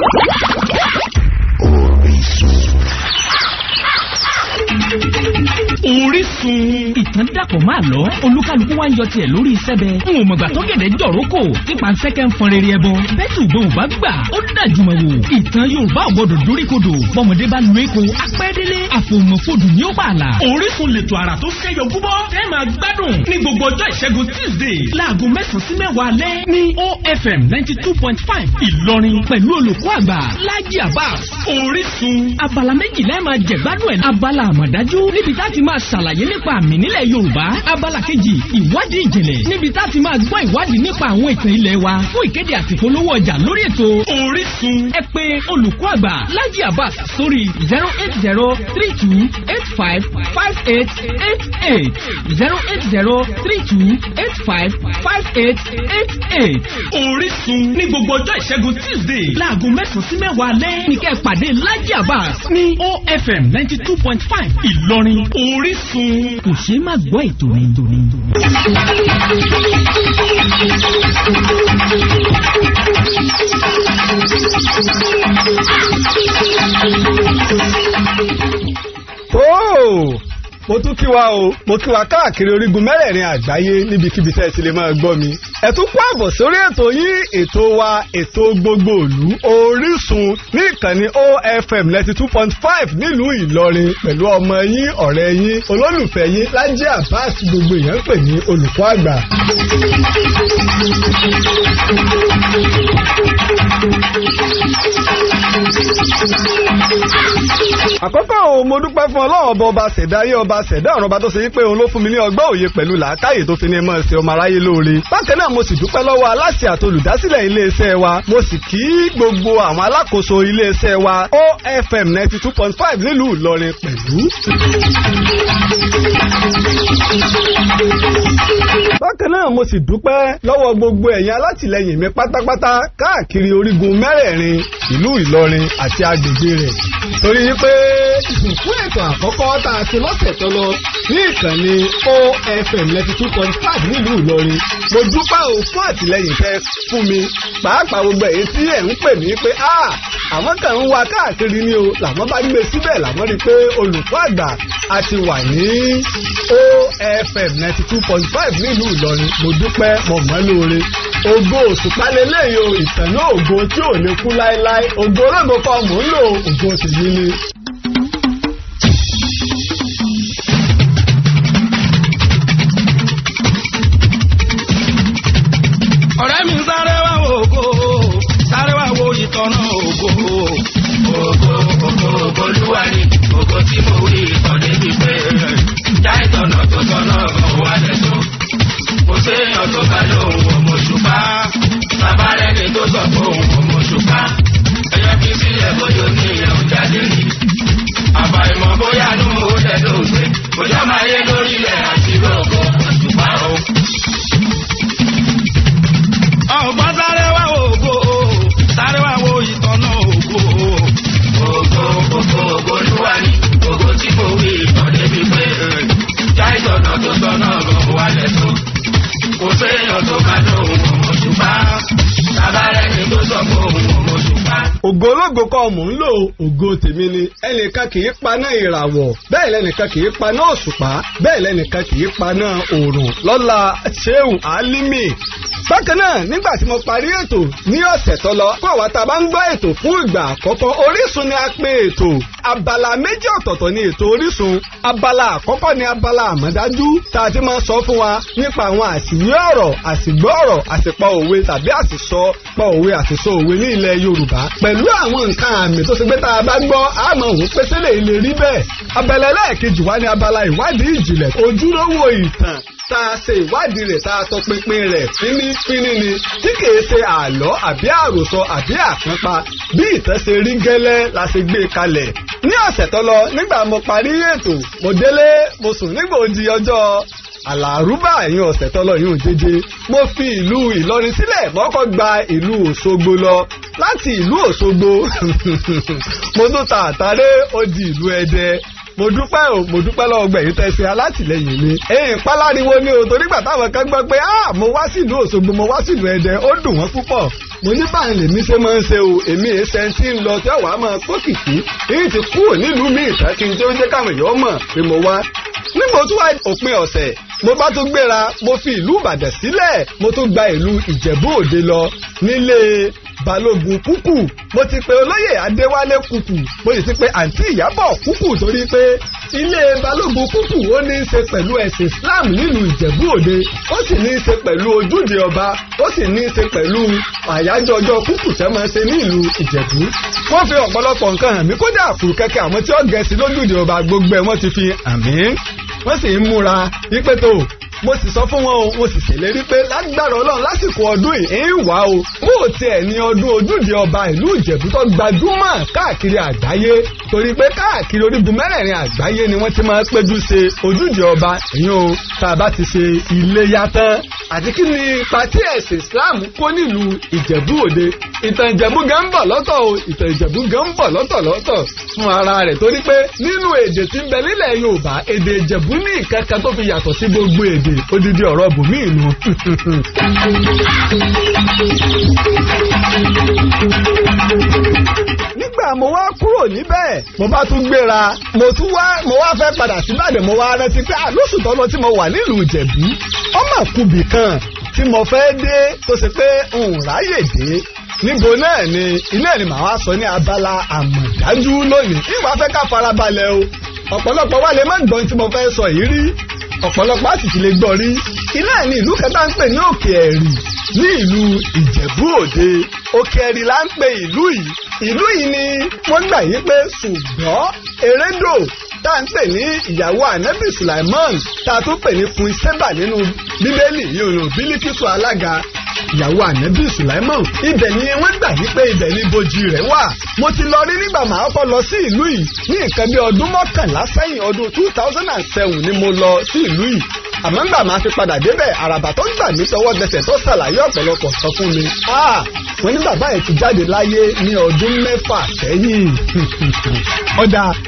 Woo! sun. ìtàn dàpọ̀ máa lọ olúkálukú wa ń yọ tiẹ̀ lórí sẹ́bẹ̀ n ò mọ̀gbà tó gẹ̀dẹ̀ jọ̀rọ̀ kò tí pàǹsẹ́kẹ́ ń fọn rere ẹbọ bẹ́ẹ̀ tí ògbọ́n ò bá gbà ó dàjùmọ̀ wò ìtàn yorùbá ò gbọdọ̀ dóríkodò bọ́mọdé bá lu eko apẹ́délé àfòmọ̀fodù ní ó pààlà. orísun lètò àrà tó ṣẹyọ gúbọ tẹ́ máa gbádùn ní gbogbo ọjọ́ ìṣẹ́gun ninety two point five ìlọrin pẹ̀lú olùkọ́ àgbà Lájí Abbas orísun abala méjìlá ẹ̀ máa jẹ̀gbádùn abala àmọ̀dájú níbi tá ṣàlàyé nípa àmì nílẹ̀ Yorùbá abala kejì ìwádìí ìjìnlẹ̀ níbi tá a ti máa gbọ́ ìwádìí nípa àwọn ìtàn ilẹ̀ wa fún ìkéde àti ìpolówó ọjà lórí ètò Orísun ẹ pè olùkọ́ àgbà Laji Abbas sórí zero eight zero three two eight five five eight eight eight zero eight zero three two eight five five eight eight eight Orísun ní gbogbo ọjọ́ ìṣẹ́gun Tuesday láago mẹ́sàn-án sí mẹ́wàá lẹ́ ní kẹ́ pàdé Laji Abbas ní OFM ninety two point five Ìlọrin Orísun. Chama Guaito, lindo, lindo. Oh! mo tún kí wa o mo kí wa káàkiri orígun mẹ́rẹ̀ẹ̀rin àgbáyé níbikíbi tẹ́ ẹ ti lè máa gbọ́ mi. ẹ tún kú àbọ̀ sórí ètò yín ètò wa ètò gbogbo ìlú Orísun ní ìkànnì OFM ninety two point five nílùú Ìlọrin pẹ̀lú ọmọ yín ọ̀rẹ́ yín olólùfẹ́ yín Lájí Abbas gbogbo èèyàn ń pè ní olùkọ́ àgbà. Thank you àkọ́kọ́ mo dúpẹ́ fún ọlọ́run ọba ọba ṣẹ̀dá ayé ọba ṣẹ̀dá ọ̀rọ̀ ọba tó ṣe wípé òun ló fún mi ní ọgbọ́n òye pẹ̀lú làákàyè tó fi ní mọ̀ ṣe ọmọ aráyé lóore. bákan náà mo sì dúpẹ́ lọ́wọ́ aláṣẹ àti iléeṣẹ́ wa mo sì kí gbogbo àwọn alákòóso iléeṣẹ́ wa OFM ninety two point five nílùú Ìlọrin pẹ̀lú bákan náà mo sì dúpẹ́ lọ́wọ́ gbogbo ẹ̀yin alátìlẹyìn mi pátápátá káàkiri orígun mẹ́rẹ̀ẹ̀rin ìlú Ìlọrin àti agbègbè rẹ̀ torí pé ìsìnkú ètò àkọ́kọ́ tá a ti lọ́sẹ̀ tó lọ ní ìkànnì OFM ninety two point five nílùú Ìlọrin mo dúpẹ́ o fún àtìlẹyìn tẹ́ fún mi pàápàá gbogbo ẹ̀yin tí ẹ̀ ń pè mí pé àwọn kan ń wa káàkiri ni o làwọn bá gbé síbẹ̀ làwọn rí i pé olùkọ́ àgbà àti wà ní OFM ninety two point five nílùú Ìlọrin mo dúpẹ́ mo mọ́ lóore ògo òṣùpálẹ̀ lẹ́yìn ògo tí ò lè kú láéláé ògo ológo kan mò ń lò ògo sì ni. lẹ́nìkan kì í paná ìràwọ̀ bẹ́ẹ̀ lẹ́nìkan kì í paná òṣùpá bẹ́ẹ̀ lẹ́nìkan kì í paná òòrùn lọ́la seun alimi bákan náà nígbà tí mo parí ètò ní ọ̀sẹ̀ tó lọ fún àwa tá bá ń gbọ́ ètò fún ìgbà àkọ́kọ́ Orísun ni a pe ètò abala méjì ọ̀tọ̀ọ̀tọ̀ ni ètò Orísun abala àkọ́kọ́ ni abala àmọ̀dájú tá a ti máa sọ fún wa nípa àwọn àsìwé ọ̀rọ̀ àsìgbọ́ ọ̀rọ̀ àsìpọ̀ òwe tàbí àsìsọ pọ̀ òwe àsìsọ òwe ní ilẹ̀ Yorùbá pẹ̀lú àwọn nǹkan àmì tó ṣe pé tá a bá gbọ́ àmọ́ òun pèsè lè rí bẹ́ẹ̀ abala ẹlẹ́ẹ̀kejì wa ni abala ìwádìí ìjìnlẹ̀ ojúlówó ìtàn tá a ṣe ìwádìí rẹ̀ tá a tọpinpin rẹ̀ fínífíní ni tí kìí ṣe àlọ́ àbí àròsọ àbí àpínpa bí ìtàn ṣe rí gẹ́lẹ́ la ṣe gbé kalẹ̀ ní ọ̀sẹ̀ tó lọ nígbà mo parí ètò mo délé mo sùn nígbà ó di ọjọ́ àlàrúbà ẹ̀yìn ọ̀sẹ̀ tọ́lọ̀ yóò jẹ́jẹ́ mo fi ìlú ìlọrin sílẹ̀ mọ́kọ́ gba ìlú òṣogbo lọ láti ìlú òṣogbo mo tún ta àtàrẹ́ ó di ìlú ẹdẹ mo dúpẹ́ o mo dúpẹ́ lọ́wọ́ gbẹ̀yìn tẹ́ ṣe alátìlẹyìn mi. èyí páláriwo ni o torí gbà táwọn kan gbọ́ pé ah mo wá sílùú Òṣogbo mo wá sílùú Ẹdẹ ó dùn wọ́n púpọ̀. mo ní báyìí lèmi ṣe máa ń ṣe o èmi èé ṣe ti ń lọ tí ọ̀wá máa pókìkí èyí ti kúrò nílùú mi ìtàn kí n tó jẹ́ káwọn èèyàn mọ̀ pé mo wá. nígbà tó wá òpin ọ̀sẹ̀ mo bá tún gbéra mo fi ìlú Ìbàdàn sílẹ̀ mo tún gba ìlú Ìjẹ̀bú Òde lọ nílé balógun kúkú mo ti pe olóyè adéwálé kúkú mo sì ti pe àǹtí ìyábọ̀ kúkú torí pé ilé balógun kúkú ó ní í ṣe pẹ̀lú ẹ̀sìn islam nílùú ìjẹ̀bú òde ó sì ní í ṣe pẹ̀lú ojúde ọba ó sì ní í ṣe pẹ̀lú àyájọ́ ọjọ́ kúkú tẹ́ máa ṣe nílùú ìjẹ̀bú. wọ́n fi ọ̀pọ̀lọpọ̀ nǹkan hàn mí kódà fún kẹ́kẹ́ àwọn tí ó gẹ̀ sí lójúde ọba gbogbo ẹ̀ wọ́n ti fi hàn mí wọ́n sì ń múra wípé tó mo sì sọ fún wọn o mo sì ṣèlérí pé lágbára ọlọ́run lásìkò ọdún yìí ń wá o bó o tiẹ̀ ní ọdún ojúde ọba ìlú ìjẹ̀bú tó gbajúmọ̀ káàkiri àgbáyé torí pé káàkiri orígun mẹ́rẹ̀ẹ̀rin àgbáyé ni wọ́n ti máa ń péjú ṣe ojúde ọba ìyẹn o tá a bá ti ṣe iléyá tán àti kí ni ipa tí ẹ̀sìn Islam kó nílùú ìjẹ̀bú òde ìtàn ìjẹ̀bú gan ń bọ̀ lọ́tọ̀ o ìtàn ìjẹ̀bú gan ń bọ̀ lọ́tọ̀ lọ́tọ̀ fún ara rẹ̀ torí pé nínú èdè tí ń bẹ nílẹ̀ Yorùbá èdè ìjẹ̀bú ní ìkankan tó fi yàtọ̀ sí gbogbo èdè èdè odidi ọ̀rọ̀ bùnmí ìlú. nígbà mo wá kúrò níbẹ̀ mo bá tún gbéra mo tún wá mo wá fẹ́ padà síbàdàn mo wá rántí pé àlóṣù tọ́lọ tí mo wà nílùú ìjẹ̀bú ọmọ kùbì kan tí mo fẹ́ dé tó ṣe pé n ráyè dé níbo náà ni ilé ni màá wá sọ ní abala àmọ̀dájú lónìí ìwà fẹ́ ká farabalẹ̀ o ọ̀pọ̀lọpọ̀ wa lè má gbọ́n tí mo fẹ́ sọ yìí rí ọ̀pọ̀lọpọ̀ àtìtì lè gbọ́ rí iná ẹ̀ ní ìlú kẹta ń pè ní òkè ẹ̀rì ní ìlú ìjẹ̀bú òde òkè ẹ̀rì là ń pè ìlú yìí ìlú yìí ni wọ́n gbà yí pé ṣùgbọ́n erédò tá n ń pè ní ìyàwó ànábì Sulaiman tá a tún pè ní fún sẹ́bà nínú bíbélì yòrò bílíkìsù alága ìyàwó ànábì Sulaiman ibẹ̀ ni wọ́n gbà yí pé ni bòjì rẹ̀ wà mo ti lọ rí nígbà lọ sí ìlú yìí ní nǹkan bí ọdún mọ́kànlá sẹ́yìn ọdún two oh ni mo lọ sí ìlú yìí àmọ́ ńgbà máa fi padà débẹ̀ àràbà ah! ní bàbá yẹn ti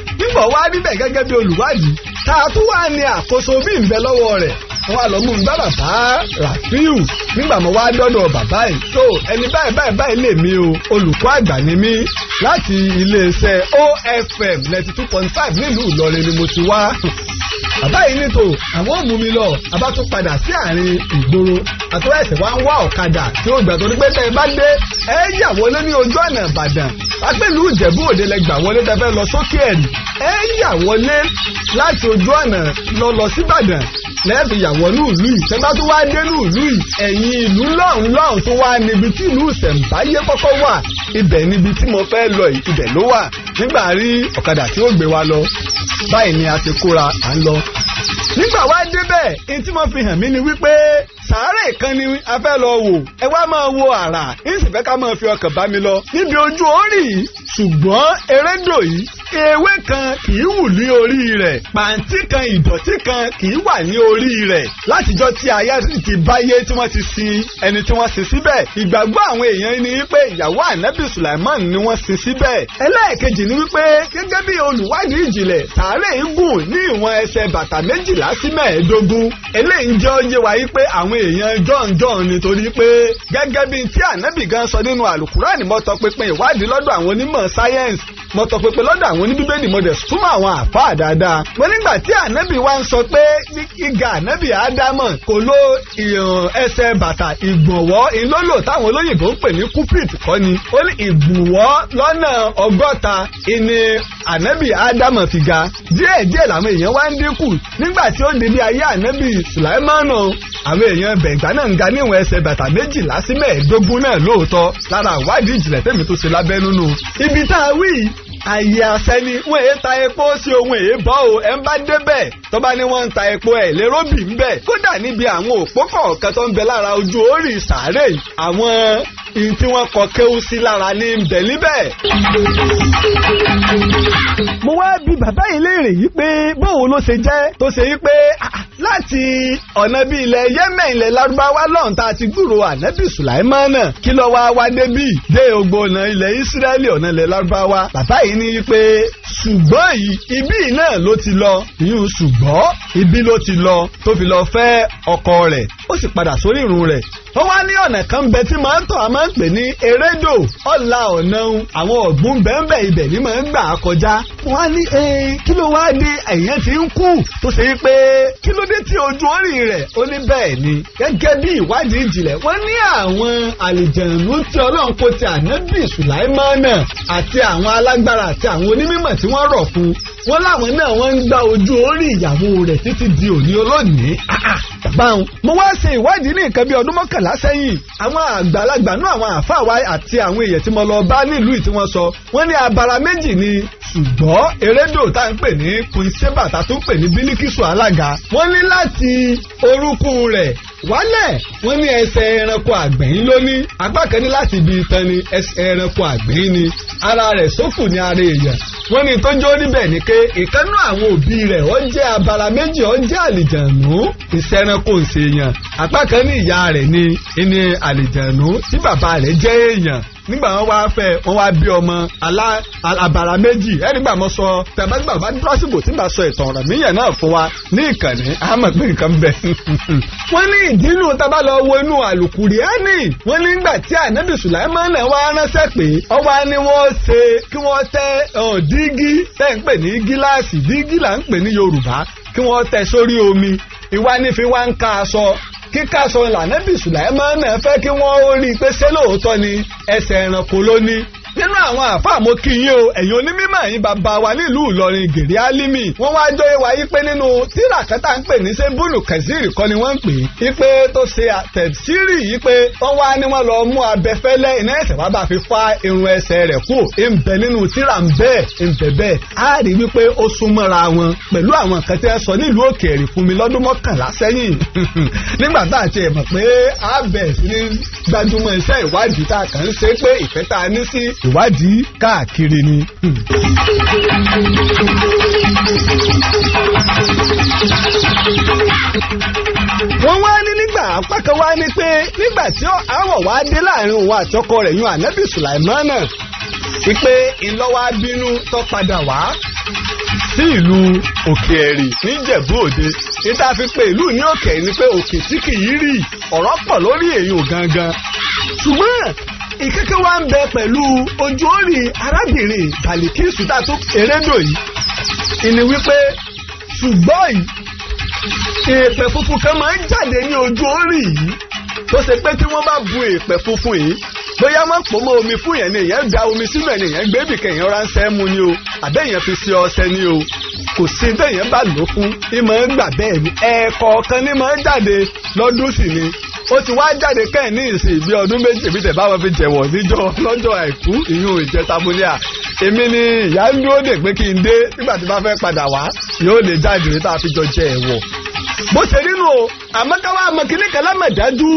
bímbọ̀ wá níbẹ̀ gẹ́gẹ́ bí olùwádìí tá a tún wá ní àkóso bí ń bẹ lọ́wọ́ rẹ̀ wọ́n wá lọ mú un bá bàbá Rafiu nígbà mo wá dọ́dọ̀ bàbá yìí tó ẹni báyìí báyìí báyìí lè mi o olùkọ́ àgbà ni mí láti iléeṣẹ́ OFM ninety two point five nílùú Ìlọrin ni mo ti wá bàbá yìí ní tò àwọn ò mú mi lọ àbá tún padà sí àárín ìgboro àtúwọ́ ẹ̀sẹ̀ wá ń wá ọ̀kadà tí ó gbà torí pé tẹ́ ẹ bá dé ẹ yà wọlé ní ojú ọ̀nà ìbàdàn apẹ́lú ìjẹ̀bú òde lẹ gbà wọlé tẹ́ fẹ́ lọ sókè ẹ̀rì ẹ yà wọlé láti ojú ọ̀nà lọ lọ síbàdàn lẹ́ẹ̀fì yàwọ̀ ní ìlú yìí tẹ́ bá tún wá dé ní ìlú yìí ẹ̀yìn ìlú lọ́hùn lọ́hùn tó wá níbi tí ìlú ìṣẹ̀ǹbáyé kọ́kọ́ wà ibẹ̀ níbi tí mo fẹ́ lọ ibẹ̀ ló wà nígbà rí ọ̀kadà tí ó gbé wa lọ báyìí ni a ti kóra à ń lọ nígbà wá débẹ̀ etí mo fi hàn mí ni wípé sàárè kan ni a fẹ́ lọ wò ẹ wá máa wo àrà ń sì ká máa fi ọkàn bá mi lọ níbi ojú orí ṣùgbọ́n erédò yìí ewé kan kì í wù ní orí rẹ̀ pàǹtí kan ìdọ̀tí kan kì í wà ní orí rẹ̀ látijọ́ tí ayé ti báyé tí wọ́n ti sin ẹni tí wọ́n sin síbẹ̀ ìgbàgbọ́ àwọn èèyàn ni wípé ìyàwó ànábì Sulaiman ni wọ́n sin síbẹ̀ ẹlẹ́ẹ̀kejì ni wípé gẹ́gẹ́ bí olùwádìí ìjìnlẹ̀ sàárè ń ní ìwọ̀n ẹsẹ̀ bàtà méjìlá sí mẹ́ẹ̀ẹ́dógún eléyìí yé wa wípé àwọn èèyàn jọ̀ǹjọ̀ǹ nítorí pé gẹ́gẹ́ bí tí ànábì gan sọ nínú àlùkùránì mọ́tọ́ pínpín ìwádìí lọ́dọ̀ àwọn onímọ̀ sáyẹ́ǹsì mo tọ pẹpẹ lọ́dọ̀ àwọn oníbíbélì mo súnmọ́ àwọn àfáà dáadáa mo nígbà tí ànábì wa ń sọ pé ìgà ànábì ádámọ̀ kò lo ìrìn ẹsẹ̀ bàtà ìgbọ̀nwọ́ ìlólò táwọn olóyìnbó ń pè ní kúprìt kọ́ ni ó ní ìgbùnwọ́ lọ́nà ọgọ́ta ìní ànábì ádámọ̀ fi ga díẹ̀ díẹ̀ làwọn èèyàn wá ń dínkù nígbà tí ó ń débi ayé ànábì sùláìmánù àwọn èèyàn bẹ̀gbá náà ń ga níwọ̀n ẹsẹ̀ bàtà méjìlá sí mẹ́ẹ̀ẹ́dógún náà lóòótọ́ lára àwádìí ìjìnlẹ̀ tẹ́mi tó ṣe lábẹ́ nínú ibi tá a wí àyè àṣẹ ni wọn ta epo sí ohun èé bọ́ o ẹ̀ ń bá débẹ̀ tó bá ní wọ́n ń ta epo ẹ̀ lérò bì ń bẹ̀ kódà níbi àwọn òpó kọ̀ọ̀kan tó ń bẹ lára ojú orí sàárè àwọn ìyìn tí wọ́n kọ kéwú sí lára ní ń bẹ̀ níbẹ̀. mo wá bi bàbá yìí léèrè yìí pé bóun ló ṣe jẹ́ tó ṣe yìí pé ah, ah, láti ọ̀nà bíi ilẹ̀ yẹ́mẹ̀ ilẹ̀ lárúbáwá lọ́hùn tá a ti gbúrò ànábì sùláìmánà kí ló wá wá débì dé ògbó ọ̀nà ilẹ̀ ìsírẹ́lì ọ̀nà ilẹ̀ lárúbáwá bàbá yìí ní pé ṣùgbọ́n yìí ibí náà ló ti lọ ìyún ṣùgbọ́n ibí ló ti lọ tó fi lọ fẹ́ ọkọ rẹ̀ ó sì padà sórí ìrun rẹ̀ ó wá ní ọ̀nà kan bẹ tí màá tọ̀ àmọ́ máa ń pè ní erédò ọ̀la ọ̀nà àwọn ọ̀gbun bẹ́ẹ̀nbẹ́ ibẹ̀ ni máa ń gbà kọjá. wọ́n á ní kí ló wá dé ẹ̀yẹ́ ti ń kú tó ṣe é pé kí ló dé tí ojú orí rẹ̀ ó ní bẹ́ẹ̀ ni. gẹ́gẹ́ bí ìwádìí ìjìnlẹ̀ wọ́n ní àwọn àlìjẹ̀nù tí ọlọ́run kò ti ànábì sùláìmánà àti àwọn alágbára àti àwọn onímọ̀ tí wọ́n rọ̀ fún wọn láwọn náà wọ́n ń gba ojú orí ìyàwó báwọn. mo wá ṣe ìwádìí ní nǹkan bíi ọdún mọ́kànlá sẹ́yìn àwọn àgbàlagbà náà àwọn àáfàá wa àti àwọn èèyàn tí mo lọ bá nílùú tí wọ́n sọ wọ́n ní abala méjì ni ṣùgbọ́n erédò tá ń pè ní kùnsébà tá tún pè ní bílíkìsù alága wọ́n ní láti orúkún rẹ̀ wálẹ̀ wọ́n ní ẹsẹ̀ ẹranko àgbẹ̀yìn lóní apá kan láti ibi itan ni ẹsẹ̀ ẹranko àgbẹ̀yìn ni ara rẹ̀ sókù ní ara èèyàn wọ́n ní tó jó níbẹ̀ ni pé ìkánú àwọn òbí rẹ̀ ó jẹ́ abala méjì ó jẹ́ àlìjànú ìṣẹ́ranko ṣèyàn apá kan ní ìyá rẹ̀ ni ìní àlìjànú tí bàbá rẹ̀ jẹ́ èèyàn nígbà wọn wá fẹ́ wọn wá bí ọmọ àbàrà méjì ẹnìgbà mo sọ tàbágbà bá dúrásìbò tí mà sọ ìtàn ọ̀rọ̀ níyẹn náà fún wa ní ìkànnì àmọ́ pé nǹkan bẹ. wọ́n ní ìdínú tábà lọ wo inú àlùkùrì ẹnì wọ́n ní nígbà tí ànábì sùlámánà wá ránṣẹ́ pé ọwọ́ ni wọ́n ṣe kí wọ́n tẹ dígí tẹ́ ń pè ní gíláàsì dígí là ń pè ní Yorùbá kí wọ́n tẹ sórí omi ìwá nífi wá ń ká aṣọ kíkàsọ lànàbì sùlàìmánà fẹ́ kí wọ́n ó rí i pé ṣé lóòótọ́ ni ẹsẹ̀ ẹranko ló ní nínú àwọn àfa mo kí o ẹ̀yin onímọ̀ yín bàbá wa nílùú Ìlọrin gèrè álímì wọ́n wá jọ ewa yí pé nínú tíra kẹta ń pè ní sẹ́bùlù kẹsìrì kọ́ ni wọ́n ń pè é pé tó ṣe àtẹ̀sírì yìí pé wọ́n wá ní wọ́n lọ mú abẹ́fẹ́lẹ́ iná ẹ̀sẹ̀ wá bá fi fa irun ẹsẹ̀ rẹ̀ kú ìbẹ̀ nínú tíra ń bẹ́ẹ̀ ìbẹ̀ bẹ́ẹ̀ á rí wípé ó súnmọ́ra wọn pẹ̀lú àwọn nǹkan tí ẹ sọ nílùú òkèèrè fún mi lọ́dún mọ́kànlá sẹ́yìn nígbà tá a ti mọ̀ pé a sí gbajúmọ̀ iṣẹ́ ìwádìí tá a kàn ń ṣe pé ìfẹ́ tá a ní sí ṣèwádìí káàkiri ni. wọ́n wá ní nígbà apá kan wá ní pé nígbà tí àwọ̀ wá dé láàrin òun àtọkọ rẹ̀ yún ànábì sùlàìmánà wípé ìlọ́wà bínú tó padà wá sí ìlú òkè ẹ̀rì níjẹ̀bú òde níta fi pé ìlú ní òkè ni pé òkè tí kì í rì ọ̀rọ̀ pọ̀ lórí èyí ò gangan ṣùgbọ́n ìkẹ́kẹ́ wa ń bẹ pẹ̀lú ojú orin arábìnrin bàlìkísù tá a tún erédò yìí ìní wípé ṣùgbọ́n èèpẹ̀ funfun kan máa ń jáde ní ojú orin yìí tó ṣe pé tí wọ́n bá bu èèpẹ̀ funfun yìí bóyá wọ́n pò mọ́ omi fún yẹn ni èèyàn da omi sínú ẹ̀ ni èèyàn gbé bìkẹ́ èèyàn ránṣẹ́ mu ni o àbẹ́yẹn fi ṣe ọṣẹ ni o kò sí bẹ́yẹn bá lò fún ìmọ̀ ń gbà bẹ́ẹ̀ ni ẹ̀ẹ̀kọ̀ọ̀kan ni máa ń jáde lọ́dún sì ni ó ti wá jáde kẹ́hìn ní ìsìn ìbí ọdún méjì èmi tẹ̀ báwọn fi jẹ̀wọ̀ níjọ́ lọ́jọ́ àìkú ìyún ìjẹtamúlẹ́à èmi ni ìyá ń dúró dè pé kí n dé nígbà tí bá fẹ́ padà wá yóò lè jáde tá a fi jọ jẹ ẹ̀wọ̀. bó ṣe nínú o àmọ́ káwá àmọ́ kíní kẹlẹ́mẹ̀dájú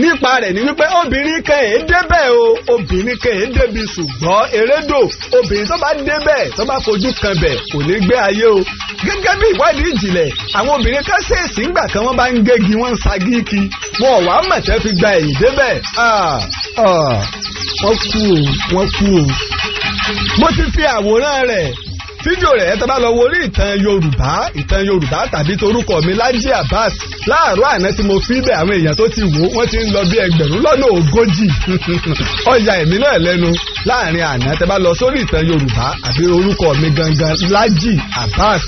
nípa rẹ̀ ni wípé obìnrin kan èé débẹ̀ o obìnrin kan èé débi ṣùgbọ́n erédò obìnrin tó bá débẹ̀ tó bá fojú kan bẹ̀ kò ní gbé ayé o gẹ́gẹ́ bí ìwádìí ìjìnlẹ̀ àwọn obìnrin kan ṣèèṣì ńgbà kan wọ́n bá ń gégi wọ́n ń sagíkì wọn ò wá mọ̀tẹ́ fi gba ẹ̀yìn débẹ̀ wọ́n kú o wọ́n kú o mo ti fi àwòrán rẹ̀ fídíò rẹ̀ tẹ́ bá lọ wo orí ìtàn Yorùbá ìtàn Yorùbá tàbí torúkọ mi Lájí Abbas láàárọ̀ àná tí mo fi bẹ̀ àwọn èèyàn tó ti wò wọ́n ti ń lọ bí ẹgbẹ̀rún lọ́nà ogójì ọjà èmi náà lẹ́nu láàrin àná tẹ́ bá lọ sórí ìtàn Yorùbá àbí orúkọ mi gangan Lájí Abbas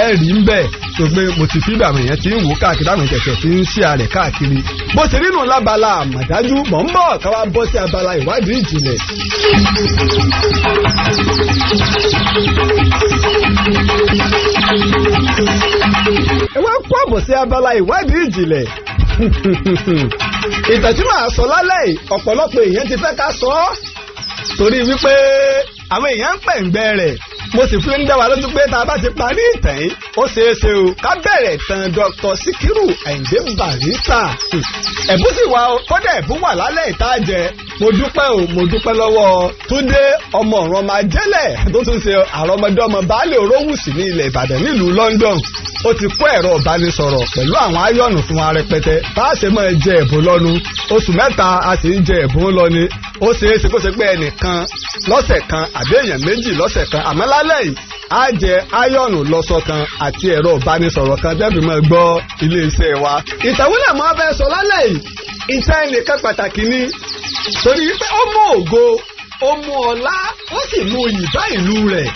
ẹ rí ń bẹ̀ tó gbé mo ti fi bẹ̀ àwọn èèyàn ti ń wò káàkiri àwọn ìkẹ̀kẹ̀ ti ń ṣí àrẹ̀ káàkiri bó ti rínú lábala àmàdájú mọ̀ ń bọ̀ káwá bọ́ sí abala ìwádìí ìjìnlẹ̀ ẹ wá kó àbọ̀ sí abala ìwádìí ìjìnlẹ̀ ìtàn tí màá sọ lálẹ́ yìí ọ̀pọ̀lọpọ̀ èèyàn ti fẹ́ ká sọ ọ́ torí wípé àwọn èèyàn ń pẹ̀ǹgbẹ́ rẹ̀ mo sì fi ń dá wa lójú pé tá a bá ti parí ìtàn yìí ó ṣeé ṣe o ká bẹ̀rẹ̀ tán Dr. Sikiru Ayinde Barrister ẹ̀bùn sì wà o kódà ẹ̀bùn wà lálẹ́ ìta jẹ mo dúpẹ́ o mo dúpẹ́ lọ́wọ́ Túndé ọmọ ọ̀ràn máa jẹ́lẹ̀ tó tún ṣe àrọ́mọdọ́mọ baálé Orówùsì ní ilẹ̀ Ìbàdàn nílùú London ó ti kó ẹ̀rọ ìbánisọ̀rọ̀ pẹ̀lú àwọn áyọ̀nù fún wa rẹpẹtẹ bá a ṣe máa jẹ ẹ̀bùn lọ́nu oṣù mẹ́ta a sì ń jẹ ẹ̀bùn lọ́ni ó ṣeé ṣe kó ṣe pé ẹnìkan lọ́sẹ̀ kan àbí èèyàn méjì lọ́sẹ̀ kan àmọ́ lálẹ́ yìí jẹ kan àti ẹ̀rọ ìbánisọ̀rọ̀ kan wa. ìtàwílẹ̀ mọ́ fẹ́ sọ lálẹ́ yìí iṣẹ́ pàtàkì ni torí pé ó mú ó mú ọlá ó sì mú oyì bá ìlú rẹ̀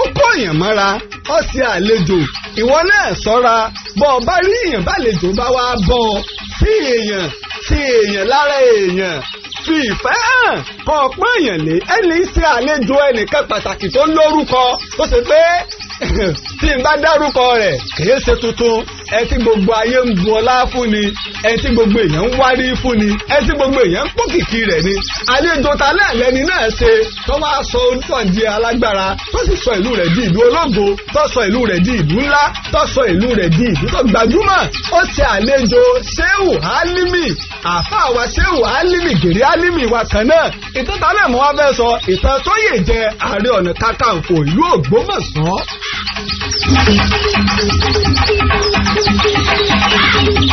ó kó èèyàn mọ́ra ó sì àlejò ìwọ náà ṣọ́ra bọ́ ọ bá rí èèyàn bálejò bá wá bọ́ ọ sí èèyàn sí èèyàn lára èèyàn fi ìfẹ́ hàn kọ́ ọ̀pọ̀ èèyàn lé ẹni ṣe àlejò ẹnìkan pàtàkì tó lórúkọ tó ṣe pé tí n bá dárúkọ rẹ̀ kì í ṣe tuntun ẹni tí gbogbo ayé ń bu ọlá fún ni ẹni tí gbogbo èèyàn ń wárí fún ni ẹni tí gbogbo èèyàn ń pòkìkí rẹ̀ ni àlejò ta lẹ́ẹ̀lẹ́ni náà ṣe tó wá sọ onítàn di alágbára tó sì sọ ìlú rẹ̀ di ìlú ológo tó sọ ìlú rẹ̀ di ìlú ńlá tó sọ ìlú rẹ̀ di ìlú tó gbajúmọ̀ ó ṣe àlejò Shehu Alimi àfa wa Shehu Alimi gèrè Alimi wa kan náà ìtàn ta lẹ́ẹ̀mọ́ wa fẹ́ sọ ìtàn tó yè jẹ Ààrẹ Ọ̀nà Kakanfò ìlú Ògbómọ̀ṣọ́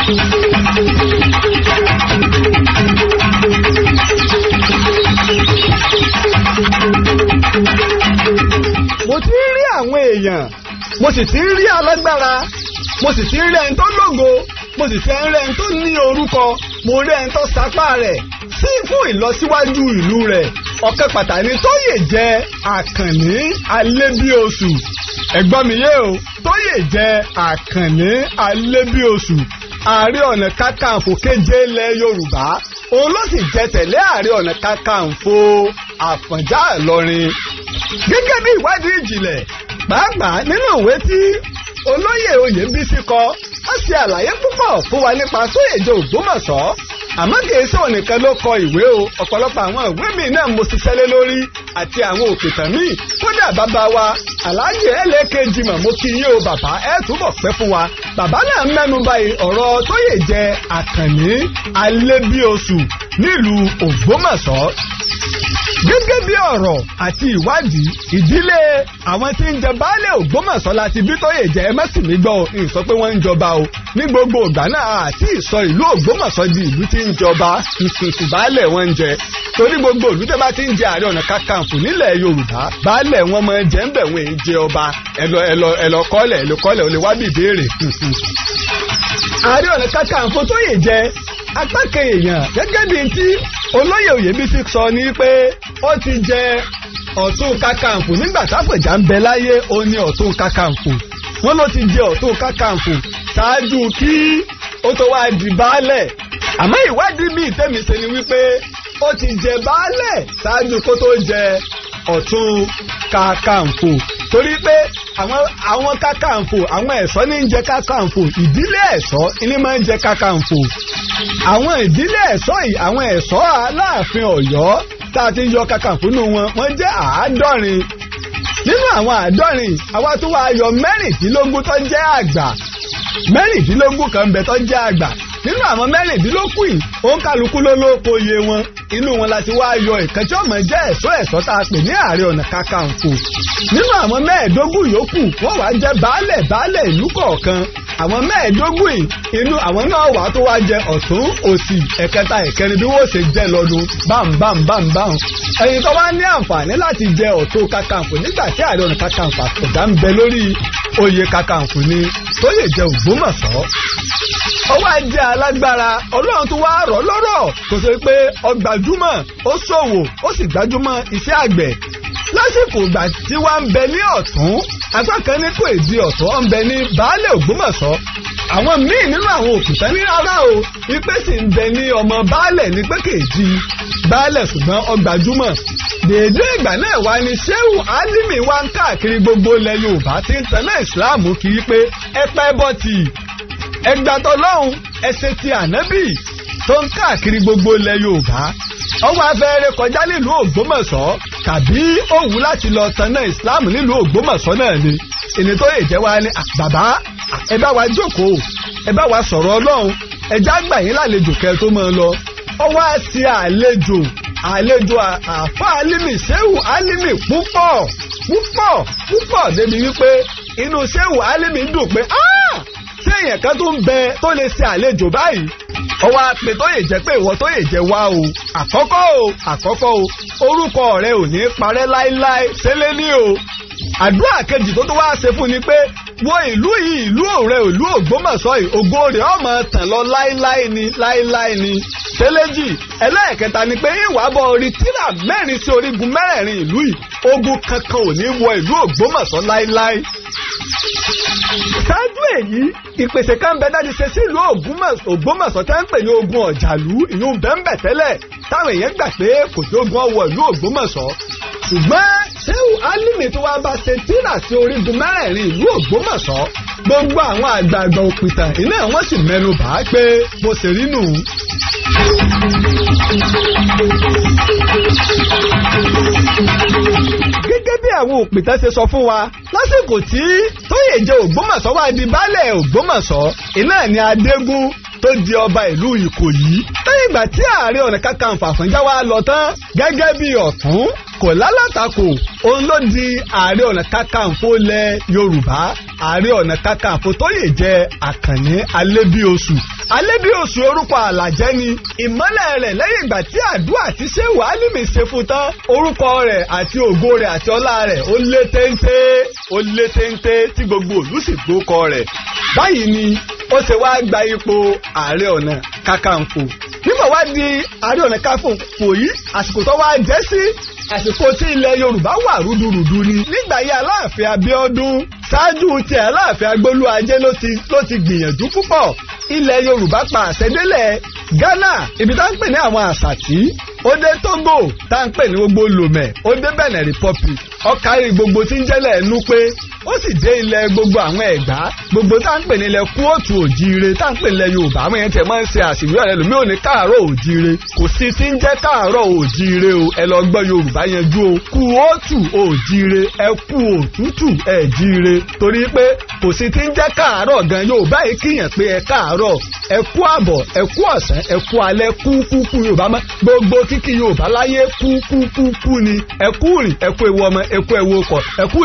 mo ti ń rí àwọn èèyàn mo sì ti ń rí alágbára mo sì ti ń rí ẹni tó lógo mo sì ti ń rí ẹni tó ní orúkọ mo rí ẹni tó sapá rẹ̀ sí fún ìlọsíwájú ìlú rẹ̀ ọ̀kan pàtàkì Tóyè jẹ́ Àkànní Alébíoṣù ẹ̀gbọ́n mi yé o Tóyè jẹ́ Àkànní Alébíoṣù ààrẹ ọ̀nà kákàǹfò kéje ilẹ̀ yorùbá òun ló sì jẹ tẹ̀lé ààrẹ ọ̀nà kákàǹfò àfọ̀njá ìlọrin gẹ́gẹ́ bí ìwádìí ìjìnlẹ̀ pàápàá nínú ìwé tí olóyè oyèbísí kọ ó ṣe àlàyé púpọ̀ fún wa nípa Sóyèjé Ògbómọ̀ṣọ́ àmọ́ kìí ṣe ònìkan ló kọ ìwé o ọ̀pọ̀lọpọ̀ àwọn ìwé mi náà mo ṣiṣẹ́ lé lórí àti àwọn òkìtàn míì kódà bàbá wa aláàjì ẹlẹ́kẹ̀jì mọ̀ mo kí yín o bàbá ẹ túbọ̀ pẹ́ fún wa bàbá náà mẹ́nu bà ọ̀rọ̀ tó yè jẹ àkànní alẹ́bíoṣù nílùú Ògbómọ̀ṣọ́ gẹ́gẹ́ bí ọ̀rọ̀ àti ìwádìí ìdílé àwọn tí ń jẹ baálé Ògbómọ̀ṣọ́ láti bí tóyè jẹ́ ẹ mẹ́sìn mi gbọ́ pé wọ́n ń jọba o ní gbogbo ìgbà náà àti ìsọ ìlú ogbomọsọ di ìlú tí ń jọba baálé wọn ń gbogbo ìlú bá ti ń jẹ Ọ̀nà nílẹ̀ Yorùbá baálé wọn ń ọba olóyè oyèbísí sọ ní pé ó ti jẹ ọ̀tún kàkàǹfò nígbà tápẹ̀já ń bẹ láyé ó ní ọ̀tún kàkàǹfò wọ́n ló ti jẹ ọ̀tún kàkàǹfò ṣáájú kí ó tó wá di baálẹ̀ àmọ́ ìwádìí mi ṣe ni wípé ó ti jẹ baálẹ̀ ṣáájú kó tó jẹ ọ̀tún kàkàǹfò torí pé àwọn kàkàǹfò àwọn ẹ̀ṣọ́ ní ń jẹ kàkàǹfò ìdílé ẹ̀ṣọ́ ní máa ń jẹ kàkàǹfò àwọn ìdílé ẹ̀ṣọ́ yìí àwọn ẹ̀ṣọ́ aláàfin ọ̀yọ́ tá ti yọ kàkàǹfò nù wọn wọ́n jẹ́ àádọ́rin nínú àwọn àádọ́rin àwa yọ mẹ́rìndínlógún tó jẹ́ àgbà mẹ́rìndínlógún kan bẹ tó jẹ́ àgbà nínú àwọn mẹ́rìndínlókù yìí ó ń kálukú ló lóko iye wọn inú wọn la ti wá yọ ìkan tí ọmọ jẹ́ ẹ̀ṣọ́ ẹ̀ṣọ́ tá a pè ní ààrẹ ọ̀nà kakanfò nínú àwọn mẹ́ẹ̀ẹ́dógún yòókù wọ́n wá jẹ́ baálẹ̀ baálẹ̀ ìlú kọ̀ọ̀kan àwọn mẹ́ẹ̀ẹ́dógún yìí inú àwọn náà wà tó wá jẹ ọ̀tún òsì ẹ̀kẹta ẹ̀kẹrin bí wọ́n ṣe jẹ́ lọ́dún bámbámbámbám ẹ̀yin tó wá ní àǹfààní láti jẹ ọ̀tún kakanfò nígbà tí ààrẹ ọ̀nà kakanfò àtọ̀dá ń bẹ lórí oyè kakanfò ni tó lè jẹ Ògbómọ̀ṣọ́ ó wá jẹ́ alágbára ọlọ́run tó wá rọ̀ lọ́rọ̀ kò sọ pé ọgbàjúmọ̀ ó ṣòwò ó sì gbájúmọ̀ iṣẹ́ àgbẹ̀ lásìkò ìgbà tí wàá ń bẹ ní ọ̀tún apá kan ní kò èdè ọ̀tọ̀ ń bẹ ní baálẹ̀ ògbómọ̀ṣọ́ àwọn míì nínú àwọn òkùnfẹ́ ní rárá o ipe sì ń bẹ ní ọmọ baálẹ̀ ní pé kèèjì baálẹ̀ ṣùgbọ́n ọgbàjúmọ̀ dèédé ìgbà náà wá ní Ṣéhù Álímì wá ń káàkiri gbogbo ilẹ̀ Yorùbá tí ń tẹ̀lé ìsìláàmù kì pé ẹ pẹ́ bọ́ tì í ẹgbà tọlọ́hún ẹsẹ̀ ti ànábì tó ń káàkiri gbogbo ilẹ̀ Yorùbá ọwọ́ afẹ́rẹ́ kọjá nílùú Ògbómọ̀ṣọ́ tàbí òwú láti lọ tanná Islam nílùú Ògbómọ̀ṣọ́ náà ni èmi tó yè jẹ́ ni bàbá ẹ bá wa jókòó ẹ bá wa sọ̀rọ̀ Ọlọ́run ẹ já gbà yín lálejò kẹ́ tó máa lọ ọwọ́ àti àlejò àlejò àfa alimi sehu alimi púpọ̀ púpọ̀ púpọ̀ débi wípé inú sehu alimi dùn pé áà ṣé èèyàn kan tó ń bẹ tó lè ṣe àlejò báyìí ọwọ́ àpè tó yè jẹ́ pé ìwọ tó yè jẹ́ wá o àkọ́kọ́ o àkọ́kọ́ o orúkọ rẹ ò ní parẹ́ láéláé ṣẹlẹ̀ ní o àdúrà kejì tó tó wá ṣe fún ni pé wo ìlú yìí ìlú òrẹ ìlú Ògbómọ̀ṣọ́ yìí ògo rẹ̀ ọmọ tàn lọ láéláé ni láéláé ni ṣẹlẹ́jì ẹlẹ́ẹ̀kẹta ni pé ìwà bọ̀ orí tírà mẹ́rin sí orígun mẹ́rẹ̀ẹ̀rin ìlú yìí ogun kankan ò ní wọ ìlú Ògbómọ̀ṣọ́ láéláé ṣáájú èyí ìpèsè kan bẹ dáni ṣe sílùú Ògbómọ̀ṣọ́ tẹ́ ń pè ní ogun ọ̀jàlú ìyún bẹ́ńbẹ̀ tẹ́lẹ̀ táwọn èèyàn gbà pé kò sí ogun ọwọ́ ìlú Ògbómọ̀ṣọ́ ṣùgbọ́n Ṣéhù Álímì tó wá bá ṣe tírà sí orígun mẹ́rẹ̀ẹ̀rin ìlú Ògbómọ̀ṣọ́ gbogbo àwọn àgbààgbà òpìtàn ilé wọn sì mẹ́nu bà á pé mo ṣe rí nù bí àwọn òpìtàn ṣe sọ fún wa lásìkò tí Tóyèjé Ògbómọ̀ṣọ́ wá di baálẹ̀ Ògbómọ̀ṣọ́ iná ni Adégún tó di ọba ìlú Ìkòyí lẹ́yìn ìgbà tí Ààrẹ Ọ̀nà Kakanfò Àfọ̀njá wá lọ tán gẹ́gẹ́ bí ọ̀tún kọ̀ lálátakò òun ló di ààrẹ ọ̀nà kakanfò lẹ̀ yorùbá ààrẹ ọ̀nà kakanfò tó yè jẹ́ àkànní alébíoṣù alébíoṣù orúkọ àlàjẹ́ ni ìmọ́lẹ̀ rẹ̀ lẹ́yìn ìgbà tí àdúrà ti ṣe wàhálìmí ṣe fún tán orúkọ rẹ̀ àti ògo rẹ̀ àti ọlá rẹ̀ ó lé téńté ó lé téńté tí gbogbo òlú sì gbókọ rẹ̀ báyìí ni ó ṣe wá gba ipò ààrẹ ọ̀nà kakanfò nígbà wá di ààrẹ ọ̀nà kakanfò yìí àsìkò tó wá jẹ́ sí àsìkò tí ilẹ̀ Yorùbá wà rúdurùdu ni nígbà yí Aláàfin Abíọ́dún ṣáájú ti Aláàfin Agbólúajé ló ti ló ti gbìyànjú púpọ̀ ilẹ̀ Yorùbá pa àṣẹdélẹ̀ Ghana ibi tá ń pè ní àwọn àṣàtì ó dé Togo tá ń pè ní gbogbo lomẹ̀ ó dé Benin Republic ó gbogbo tí ń jẹ́lẹ̀ ẹnu pé ó sì dé ilẹ̀ gbogbo àwọn ẹ̀gbá gbogbo ta ń pè ní ilẹ̀ kóòtù òjíire ta ń nílẹ̀ yorùbá àwọn yẹn tẹ̀ máa ń ṣe àṣìwé ọ̀rẹ́ lómi ò ní káàárọ̀ òjíire kò sí tí ń jẹ́ káàárọ̀ o ẹ lọ gbọ́ yorùbá ju o kóòtù òjíire ẹ kú òtútù ẹ jíire torí pé kò sí ti ń jẹ́ káàárọ̀ gan yorùbá yìí kíyàn pé ẹ káàárọ̀ ẹ kú àbọ̀ ẹ kú ọ̀sán ẹ kú alẹ́ gbogbo kíkí yorùbá láyé kú kú ni ẹ kú rìn ewu ọmọ ẹ ewu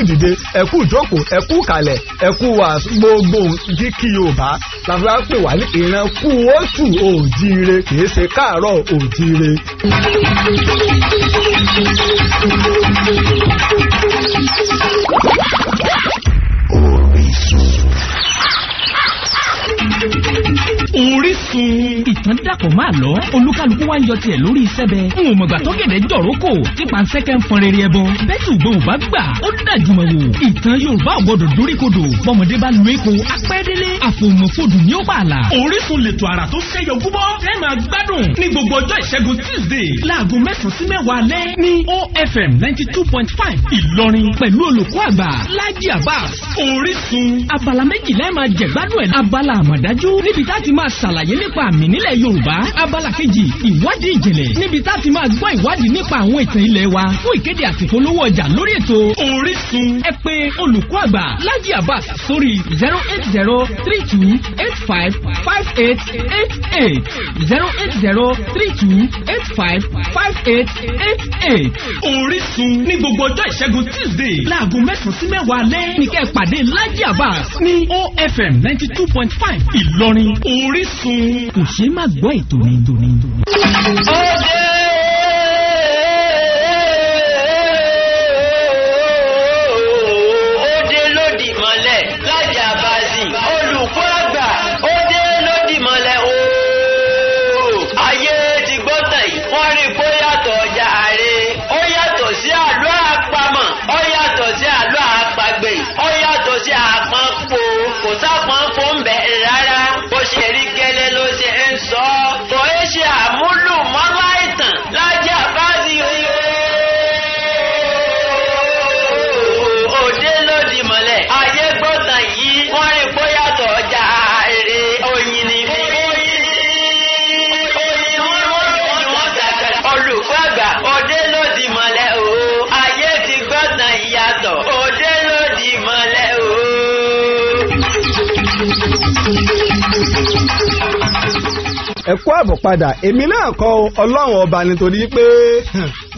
ẹ kú kú ẹkú kalẹ̀ ẹkú wa gbogbo bí kí yorùbá làbúrò á pè wá ní ìran kú oṣù òjire kìí ṣe káàárọ̀ òjire. Thank you. Orísun. ìtàn dàpọ̀ máa lọ olúkálukú wa ń yọ tiẹ̀ lórí sẹ́bẹ̀ n ò mọ̀gbà tó gẹ̀dẹ̀ jọ̀rọ̀kọ̀ tí pàǹsẹ́kẹ́ ń fọn rere ẹbọ bẹ́ẹ̀ tí ògbó bá gbà ó dàjùmọ̀ wò ìtàn Yorùbá ò gbọdọ̀ dóríkodò bọ́mọdé bá lu èkó apẹ́délé àfòmọ̀fòdù ní ó bá la. Orísun lètò àrà tó fẹ́ yọ gúbọ́ fẹ́ gbádùn ní gbogbo ọjọ́ ìṣẹ́gun ninety two point five Ìlọrin pẹ̀lú olùkọ́ àgbà Lájí Abbas abala méjìlá ẹ̀ máa abala àmọ̀dájú níbi tá máa ṣàlàyé nípa àmì nílẹ̀ Yorùbá abala kejì ìwádìí ìjìnlẹ̀ níbi tá a ti máa gbọ́ ìwádìí nípa àwọn ìtàn ilẹ̀ wa fún ìkéde àti ọjà lórí ètò Orísun ẹ pè olùkọ́ àgbà Lájí Abbas sórí zero eight zero three two eight five five eight eight eight zero eight zero three two eight five five eight eight eight Orísun ní gbogbo ọjọ́ ìṣẹ́gun Tuesday láago mẹ́sàn-án sí mẹ́wàá lẹ́ ní pàdé Lájí Abbas ní OFM ninety two point five Ìlọrin orí. Orísun. Kò ṣe má gbọ́ ètò mi. Ó dé. ẹ kú àbọ̀ padà èmi náà kọ ọlọ́run ọba nítorí pé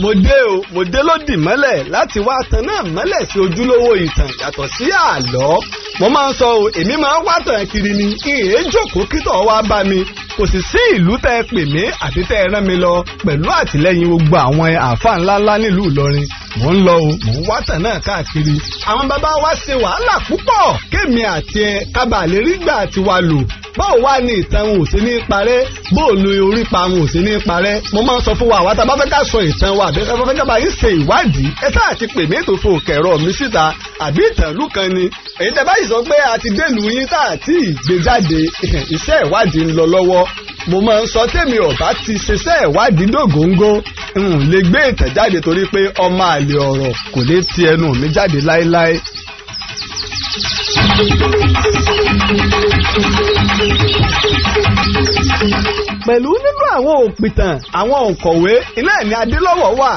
mo dé o mo dé lódì mọ́lẹ̀ láti wá tan náà mọ́lẹ̀ sí ojúlówó ìtàn yàtọ̀ sí àlọ́ mo máa ń sọ o èmi máa ń wá tàn kiri ni ìhè jókòó kítọ̀ wá bá mi kò sì sí ìlú tẹ́ ẹ pè mí àti tẹ́ ẹ rán mi lọ pẹ̀lú àtìlẹ́yìn gbogbo àwọn àáfàá ńláńlá nílùú Ìlọrin mò ń lọ o mò ń wá tàn náà káàkiri àwọn bàbá wa ṣe wàhálà púpọ̀ kémi àti ẹ kábàlè rígbà tiwa lò báwo wá ní ìtàn wọn ò sí ní parẹ́ bóòlù orí pa wọn ò sí ní parẹ́ mo máa ń sọ fún wa àwa tá a bá fẹ́ ká sọ ìtàn wa àbí ẹ bá fẹ́ ká bá yín ṣe ìwádìí ẹ sáà ti pè mí ètò fún òkè ẹ̀rọ mi síta àbí ìtànlú kan ni èyí tẹ báyìí sọ pé a ti délùú yín tá a ti gbé jáde iṣẹ́ ìwádìí ń lọ lọ́wọ́ mo máa ń sọ tèmi ọ̀bá ti ṣiṣẹ́ ìwádìí dògóńgó n lè gbé ìtàn torí pé ọmọ àlè ọ̀rọ̀ kò lè ti ẹnu mi jáde láéláé pẹ̀lú nínú àwọn òpìtàn àwọn òǹkọ̀wé ilé ẹ̀mí adélọ́wọ̀ wà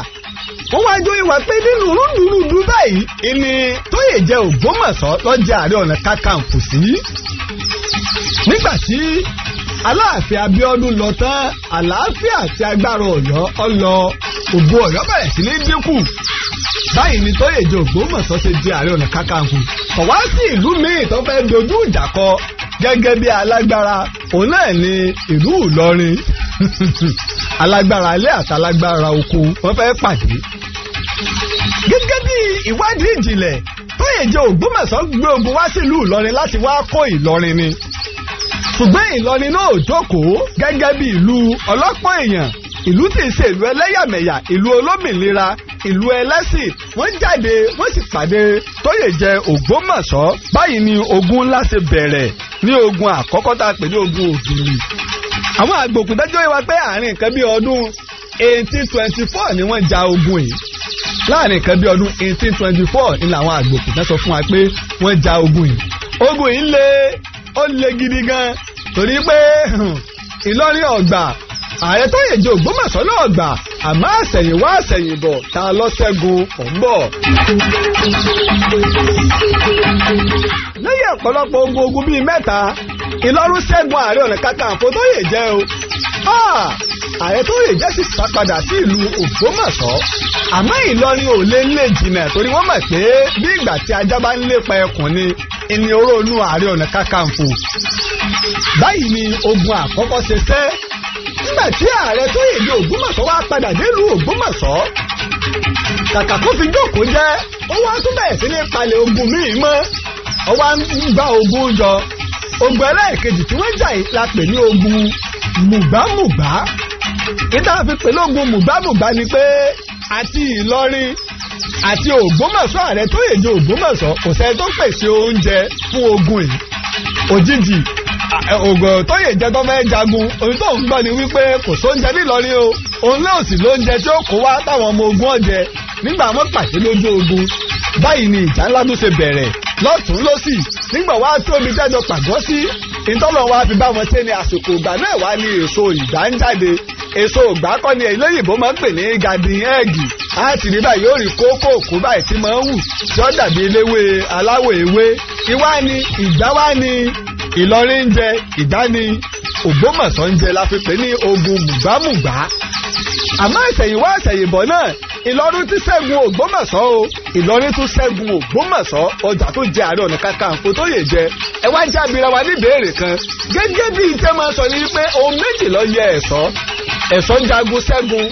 wọ́n wá jó ìwà pé nínú rúndùrúndù báyìí ìní tóyè jẹ́ ògbómọ̀ṣọ́ lọ́jà àrẹ ọ̀nà kakanfò sí. nígbà tí aláàfin abíọ́dún lọ tán àlàáfíà àti agbára ọ̀yọ́ ọlọ ògbó ọ̀yọ́ bẹ̀rẹ̀ sí ní dínkù báyìí ni Tóyèjì Ògbómọ̀ṣọ́ ṣe di ààrẹ ọ̀nà kakanfò kò wá sí ìlú míì tó fẹ́ dojú ìjà kọ gẹ́gẹ́ bí alágbára òun náà ni ìlú Ìlọrin alágbára alẹ́ àtàlágbára oko wọ́n fẹ́ pàdé gẹ́gẹ́ bí ìwádìí ìjìnlẹ̀ Tóyèjì Ògbómọ̀ṣọ́ gbé ogun wá sílùú Ìlọrin láti wá kó Ìlọrin ni ṣùgbọ́n Ìlọrin náà jókòó gẹ́gẹ́ bí ìlú ọlọ́pọ̀ èèyàn ìlú tí ń ẹlẹ́yàmẹ̀yà ìlú olómìnira ìlú ẹlẹ́sìn wọ́n jáde wọ́n sì pàdé Tóyèjẹ Ògbómọ̀ṣọ́ báyìí ni ogun ńlá ṣe bẹ̀rẹ̀ ní ogun àkọ́kọ́ tá a pè ní ogun ògiri àwọn àgbòkúndájọ́ yìí wá pé àárín nǹkan bíi ọdún eighteen twenty four ni wọ́n ja ogun yìí láàrin nǹkan bíi ọdún eighteen twenty four ni làwọn àgbòkúndá sọ fún wa pé wọ́n ja ogun yìí ogun yìí le ó le gidi gan torí pé hmm, Ìlọrin ọ̀gbà ààrẹ tó yẹ jẹ Ògbómọ̀ṣọ́ náà gbà ta ló ṣẹ́gun ọ̀ ń bọ̀. lẹ́yìn ọ̀pọ̀lọpọ̀ ogun ogun bíi mẹ́ta Ìlọrin ṣẹ́gun Ààrẹ Ọ̀nà Kakanfò tó yẹ o ààrẹ tó yẹ jẹ sì sá padà sí ìlú Ògbómọ̀ṣọ́ àmọ́ Ìlọrin ò lè lè jìnnà torí pé bí ìgbà ni Ààrẹ Ọ̀nà báyìí ogun àkọ́kọ́ nígbà tí ààrẹ tó ìlú Ògbómọ̀ṣọ́ wá padà délùú Ògbómọ̀ṣọ́ kàkà kó fi jókòó jẹ́ ó wá tún bẹ̀rẹ̀ sí ní palẹ̀ ogun míì mọ́ ó wá ń gba ogun jọ ogun ẹlẹ́ẹ̀kejì tí wọ́n jà la pè ní ogun fi pè ni pé àti Ìlọrin ògùn tó yè jẹ tó fẹ́ jagun òun tó ń gbọ́ ni wípé kò sóúnjẹ nílọrin o òun náà sì lóúnjẹ tí ó kó wá táwọn ọmọ ogun ọ̀jẹ̀ nígbà wọn pàṣẹ lójú ogun báyìí ni ìjà ńlá tó ṣe bẹ̀rẹ̀ lọ́tún lọ́sì nígbà wàá tó omi jẹ́jọ pàgọ́ sí ìtọ́lọ̀ wa fi bá wọn ṣe ni àsìkò ìgbà náà wá ní èso ìgbà ń jáde èso ìgbà kọ́ ni eléyìnbó máa ń pè ní garden egg láti rí báyìí yóò rí kókó òkú báyìí tí máa ń wù tí ó dàbí eléwé aláwọ̀ ewé ìwá ni ìgbà wá ni Ìlọrin ń jẹ ìdání Ògbómọ̀ṣọ́ ń jẹ la fi pè ní ogun mùgbàmùgbà àmọ́ àṣẹ̀yìnwá àṣẹ̀yìnbọ̀ náà Ìlọrin tún ṣẹ́gun Ògbómọ̀ṣọ́ o Ìlọrin tún ṣẹ́gun Ògbómọ̀ṣọ́ ọjà tó jẹ Ààrẹ Ọ̀nà Kakanfò tó yè jẹ ẹ wá jẹ́ abira wa níbèrè kan gẹ́gẹ́ bí ìtẹ́ máa sọ ni pé ohun méjì ló yẹ ẹ̀ṣọ́ ẹ̀ṣọ́ jagun ṣẹ́gun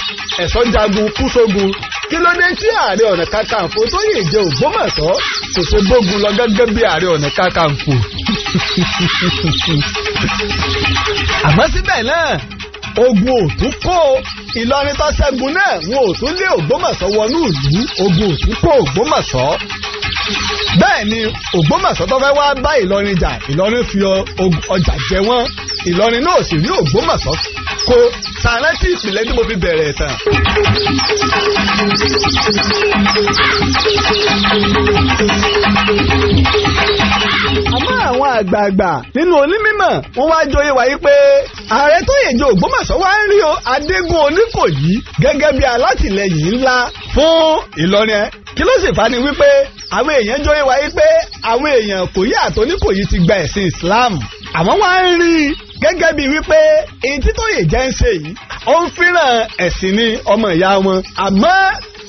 ẹ̀ṣọ́ jagun kú sógun kí ló dé tí Ààrẹ Ọ̀nà Kakanfò tó yè jẹ Ògbómọ̀ṣọ́ kò ṣe bógun lọ gẹ́gẹ́ bí Ààrẹ Ọ̀nà Kakanfò àmọ́ síbẹ̀ náà ogun òtún kó Ìlọrin tó ṣẹ́gun náà wọn ò tún lé Ògbómọ̀ṣọ́ wọnú ìlú ogun òtún kó Ògbómọ̀ṣọ́ bẹ́ẹ̀ ni Ògbómọ̀ṣọ́ tó fẹ́ wá bá Ìlọrin jà Ìlọrin fi ọjà jẹ wọ́n Ìlọrin náà sì rí Ògbómọ̀ṣọ́ kò tààrà tí ìpìlẹ̀ tí mo fi bẹ̀rẹ̀ tán. àmọ́ àwọn àgbààgbà nínú onímọ̀ wọ́n wá jọyè wáyé pé ààrẹ Tóyèjì Ògbómọ̀ṣọ́ wá ń rí o Adégún Oníkòyí gẹ́gẹ́ bí alátìlẹyìn ńlá fún Ìlọrin ẹ kí ló sì fani wípé àwọn èèyàn jọyè wáyé pé àwọn èèyàn Ìkòyí àti Oníkòyí ti gba ẹ̀sìn Islam àmọ́ wá ń rí i gẹ́gẹ́ bíi wípé èyí tí Tóyè jẹ́ ń ṣe yìí ó ń fẹ́ràn ẹ̀sìn ní ọmọ ìyá wọn àmọ́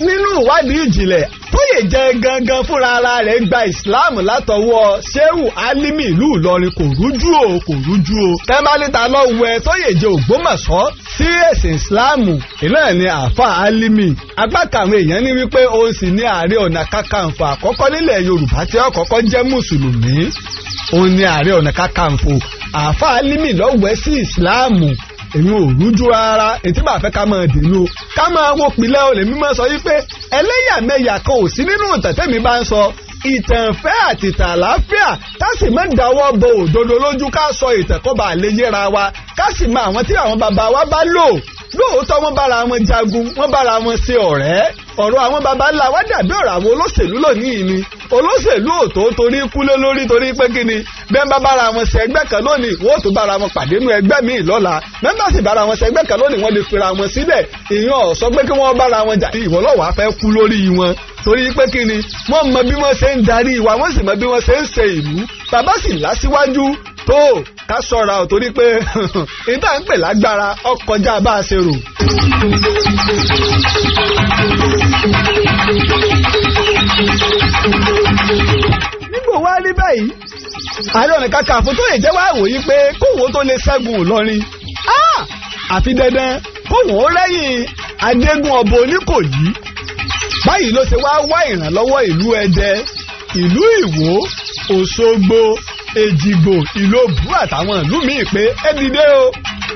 nínú ìwádìí ìjìnlẹ̀ Tóyè jẹ́ gangan fúnra ara rẹ̀ gba Islam látọwọ́ sehu Alimi ìlú Ìlọrin kò rújú o kò rújú o tẹ́ńbálítà lọ́wọ́ ẹ Tóyè jẹ́ Ògbómọ̀ṣọ́ sí ẹ̀sìn Islam ìlànà ni àáfà Alimi apá kàwọn èèyàn ní wípé òun sì ní Ààrẹ Ọ̀nà Kakanfò àkọ́kọ́ nílẹ̀ Yorùbá tí ó kọ́kọ́ jẹ́ Mùsùlùmí òun ní Ààrẹ Ọ̀nà Kakanfò àáfàá limi lọ́wọ́ sí ìsìláàmù èmi ò rújú rárá ètí bá fẹ́ ká máa dènú ká máa wo pìlẹ̀ olè mímọ́ sọ wípé ẹlẹ́yàmẹ̀yà kan ò sí nínú tẹ̀tẹ̀mí bá ń sọ ìtànfẹ́ àti ìtàláfíà ká sì má dáwọ́ bo òdodo lójú ká sọ ìtẹ̀kọ́ba àlè yẹra wa ká sì mọ àwọn tí àwọn bàbá wa bá lò lóòótọ́ wọ́n bára wọn jagun wọ́n bára wọn ṣe ọ̀rẹ́ ọ̀rọ̀ àwọn baba ńlá wa dàbí ọ̀rọ̀ àwọn olóṣèlú lónìí ni olóṣèlú ò torí kúlé lórí torí pé kí ni bẹ́ẹ̀ bá bára wọn ṣe ẹgbẹ́ kan lónìí wọ́n ò tún bára wọn pàdé nínú ẹgbẹ́ míì lọ́la bẹ́ẹ̀ bá sì bára wọn ṣe ẹgbẹ́ kan lónìí wọ́n lè fira wọn sílẹ̀ ìyẹn ò sọ pé kí wọ́n bára wọn jà ìwọ lọ́wọ́ á fẹ́ kú lórí wọn torí pé kí ni wọ́n mọ bí wọ́n ṣe ń darí wa wọ́n sì mọ bí wọ́n ṣe ń ṣe ìlú bàbá sì láṣíwájú tó ká ṣọ́ra ò torí pé níta ń pè lágbára ọkọjá bá a ṣe rò. nígbò wá rí báyìí ààrẹ ọ̀nà kakaǹfò tó lè jẹ́ wá wòye pé kóòwò tó lè ṣẹ́gun Ìlọrin ah! àfi dandan kóòwò rẹ́yìn adégún ọba Oníkòyí báyìí ló ṣe wá wá ìrànlọ́wọ́ ìlú ìlú Òṣogbo èjìgbò ìlú òbú àtàwọn ìlú míì pé ẹ dìde o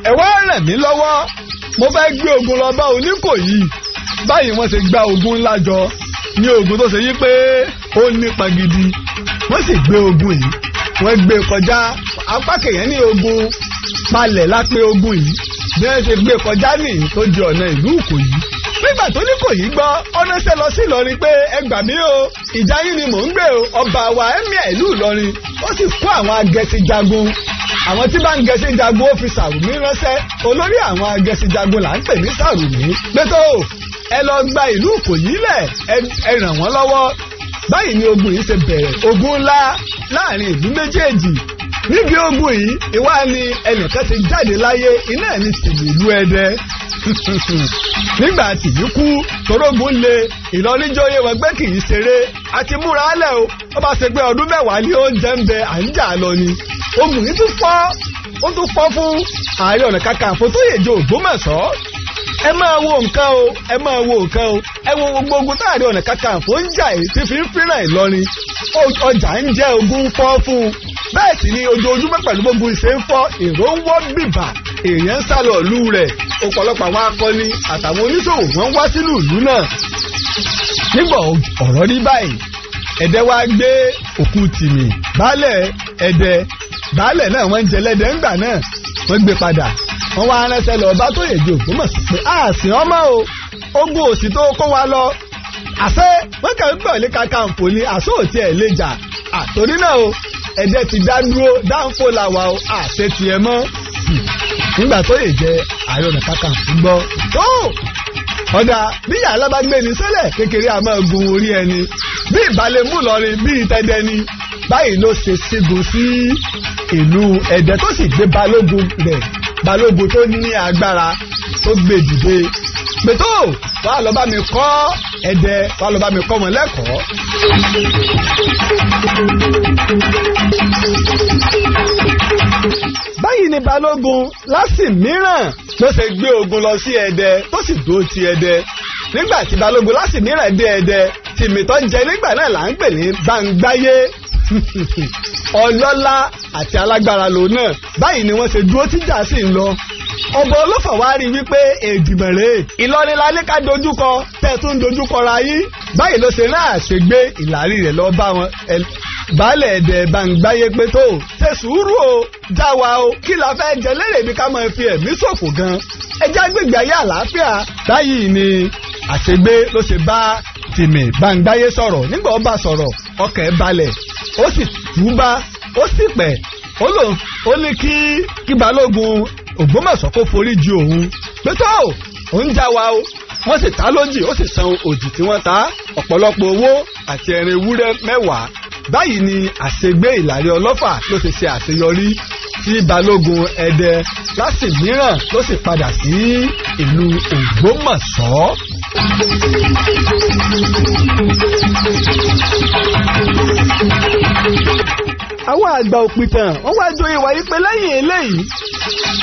ẹ wá rẹ̀ mí lọ́wọ́ mo fẹ́ gbé ogun lọ bá oníkòyí báyìí wọ́n ṣe gba ogun ńlá jọ ní ogun tó ṣe yí pé ó nípa gidi wọ́n sì gbé ogun yìí wọ́n gbé kọjá apá kẹ̀yẹ́ ní ogun palẹ̀ lápé ogun yìí bí wọ́n ṣe gbé kọjá nìyí tó di ọ̀nà ìlú Ìkòyí nígbà tó ní kò yí gbọ́ ọ̀nẹ́sẹ̀ lọ sí Ìlọrin pé ẹ gbà mí o ìjà yín ni mò ń gbé o ọba wa ẹ̀mí ìlú Ìlọrin ó sì kó àwọn agẹṣinjagun àwọn tí bá ń gẹṣinjagun ó fi Sàrùmí ránṣẹ́ olórí àwọn agẹṣinjagun là ń pè ní Sàrùmí pẹ́tọ́ ẹ lọ gba ìlú Ìkòyí lẹ̀ ẹ ràn wọ́n lọ́wọ́ báyìí ni ogun yìí ṣe bẹ̀rẹ̀ ogun ńlá láàrin ìlú méjèèjì nídìí ogun yìí ìwá ni ẹnìkan ti jáde láyé iná ẹni tìlú ìlú ẹdẹ nígbà tìlú kú torógun le ìlọníjọyé wọn gbé kì í ṣeré àti múra lẹ o ó bá ṣe pé ọdún mẹ́wàá ni ó ń jẹ ń bẹ à ń jà lọ ni ogun yìí tún pọ̀ ó tún pọ̀ fún ààrẹ ọ̀nà kakanfò tó yèjò ẹ máa wo nǹkan o ẹ máa wo nǹkan o ẹ wo gbogbo ogun táàrí ọ̀nà kakanfò ń jà èyí fi ń ọjà ń jẹ́ ogun fọ́ fún un bẹ́ẹ̀ sì ni ojoojúmọ́ pẹ̀lú gbogbo ìṣe ń fọ́ èrò ń wọ́ bìbà èèyàn ń ìlú akọni àtàwọn oníṣòwò wọn wá sínú ìlú náà nígbà ọ̀rọ̀ rí báyìí ẹ̀dẹ́ gbé tìmì baálẹ̀ ẹ̀dẹ́ baálẹ̀ náà wọ́n ń jẹ ńgbà náà wọ́n wá ránṣẹ́ lọ bá tó yèjì Ògbómọ̀ṣọ́ pé àṣì ọmọ o ogun òsì tó kó wa lọ àṣẹ wọ́n kàn ń pè ní Kakanfò ni àṣọ òtí ẹ̀ lè jà àtòrí náà o ẹ̀dẹ́ ti dá dúró dáńfò làwà o àṣẹ tiẹ̀ mọ́ nígbà tó yèjẹ Ààrẹ Ọ̀nà Kakanfò gbọ́ tó ọ̀dà bí yàrá bá gbé ní sẹ́lẹ̀ kékeré a máa gun orí ẹni bí ìbálẹ̀ mú lọrin bí ìtẹ́dẹ́ ni báyìí ló ṣe ṣígun sí ìlú Ẹ̀dẹ́ tó sì gbé balógun rẹ̀ balógun tó ní agbára tó gbé dìde pètò wàá lọ bá mi kọ́ ẹ̀dẹ wàá lọ bá mi kọ́ wọn lẹ́kọ̀ọ́. báyìí ni balógun lásì mìíràn ló ṣe gbé ogun lọ sí ẹ̀dẹ tó sì dúró ti ẹ̀dẹ nígbà tí balógun lásì mìíràn dé ẹ̀dẹ tìmìtọ́ jẹ nígbà náà là ń pè ní gbàǹgbáyé ọlọ́lá àti alágbára lòun náà báyìí ni wọ́n ṣe dúró tíjà sí ń lọ ọba olófà wá rí wípé èdìmọ̀ rèé ìlọrin la ní ká dojúkọ tẹ́ tún dojúkọ ra yín báyìí ló ṣe náà ṣe gbé ìlàrí rẹ̀ lọ bá wọn baálẹ̀ ẹ̀dẹ̀ bàǹgbáyé pé tó ṣe sùúrù o já wa o kí la fẹ́ jẹ lérè bí ká máa fi ẹ̀mí ṣòfò gan ẹjẹ́ agbègbè ayé àlàáfíà báyìí ni àṣegbé ló ṣe bá tìmì bàǹgbáyé sọ̀rọ̀ nígbà ó bá sọ̀rọ̀ ọkàn balẹ̀ ó sì túbá ó sì pẹ̀ ó lòun ó ní kí kí balógun Ògbómọ̀ṣọ́ kó forí jì òun pé tó òun já wa o wọ́n sì ta lójì ó sì san òjì tí wọ́n ta ọ̀pọ̀lọpọ̀ owó àti ẹran ewúrẹ́ mẹ́wàá báyìí ni àṣegbé Ìlàrí Ọlọ́fà ló ṣe ṣe àṣeyọrí tí balógun Ẹdẹ lásì mìíràn ló sì padà sí ìlú Ògbómọ̀ṣọ́ àwọn àgbà òpìtàn wọ́n wá joyè wáyé pé lẹ́yìn eléyìí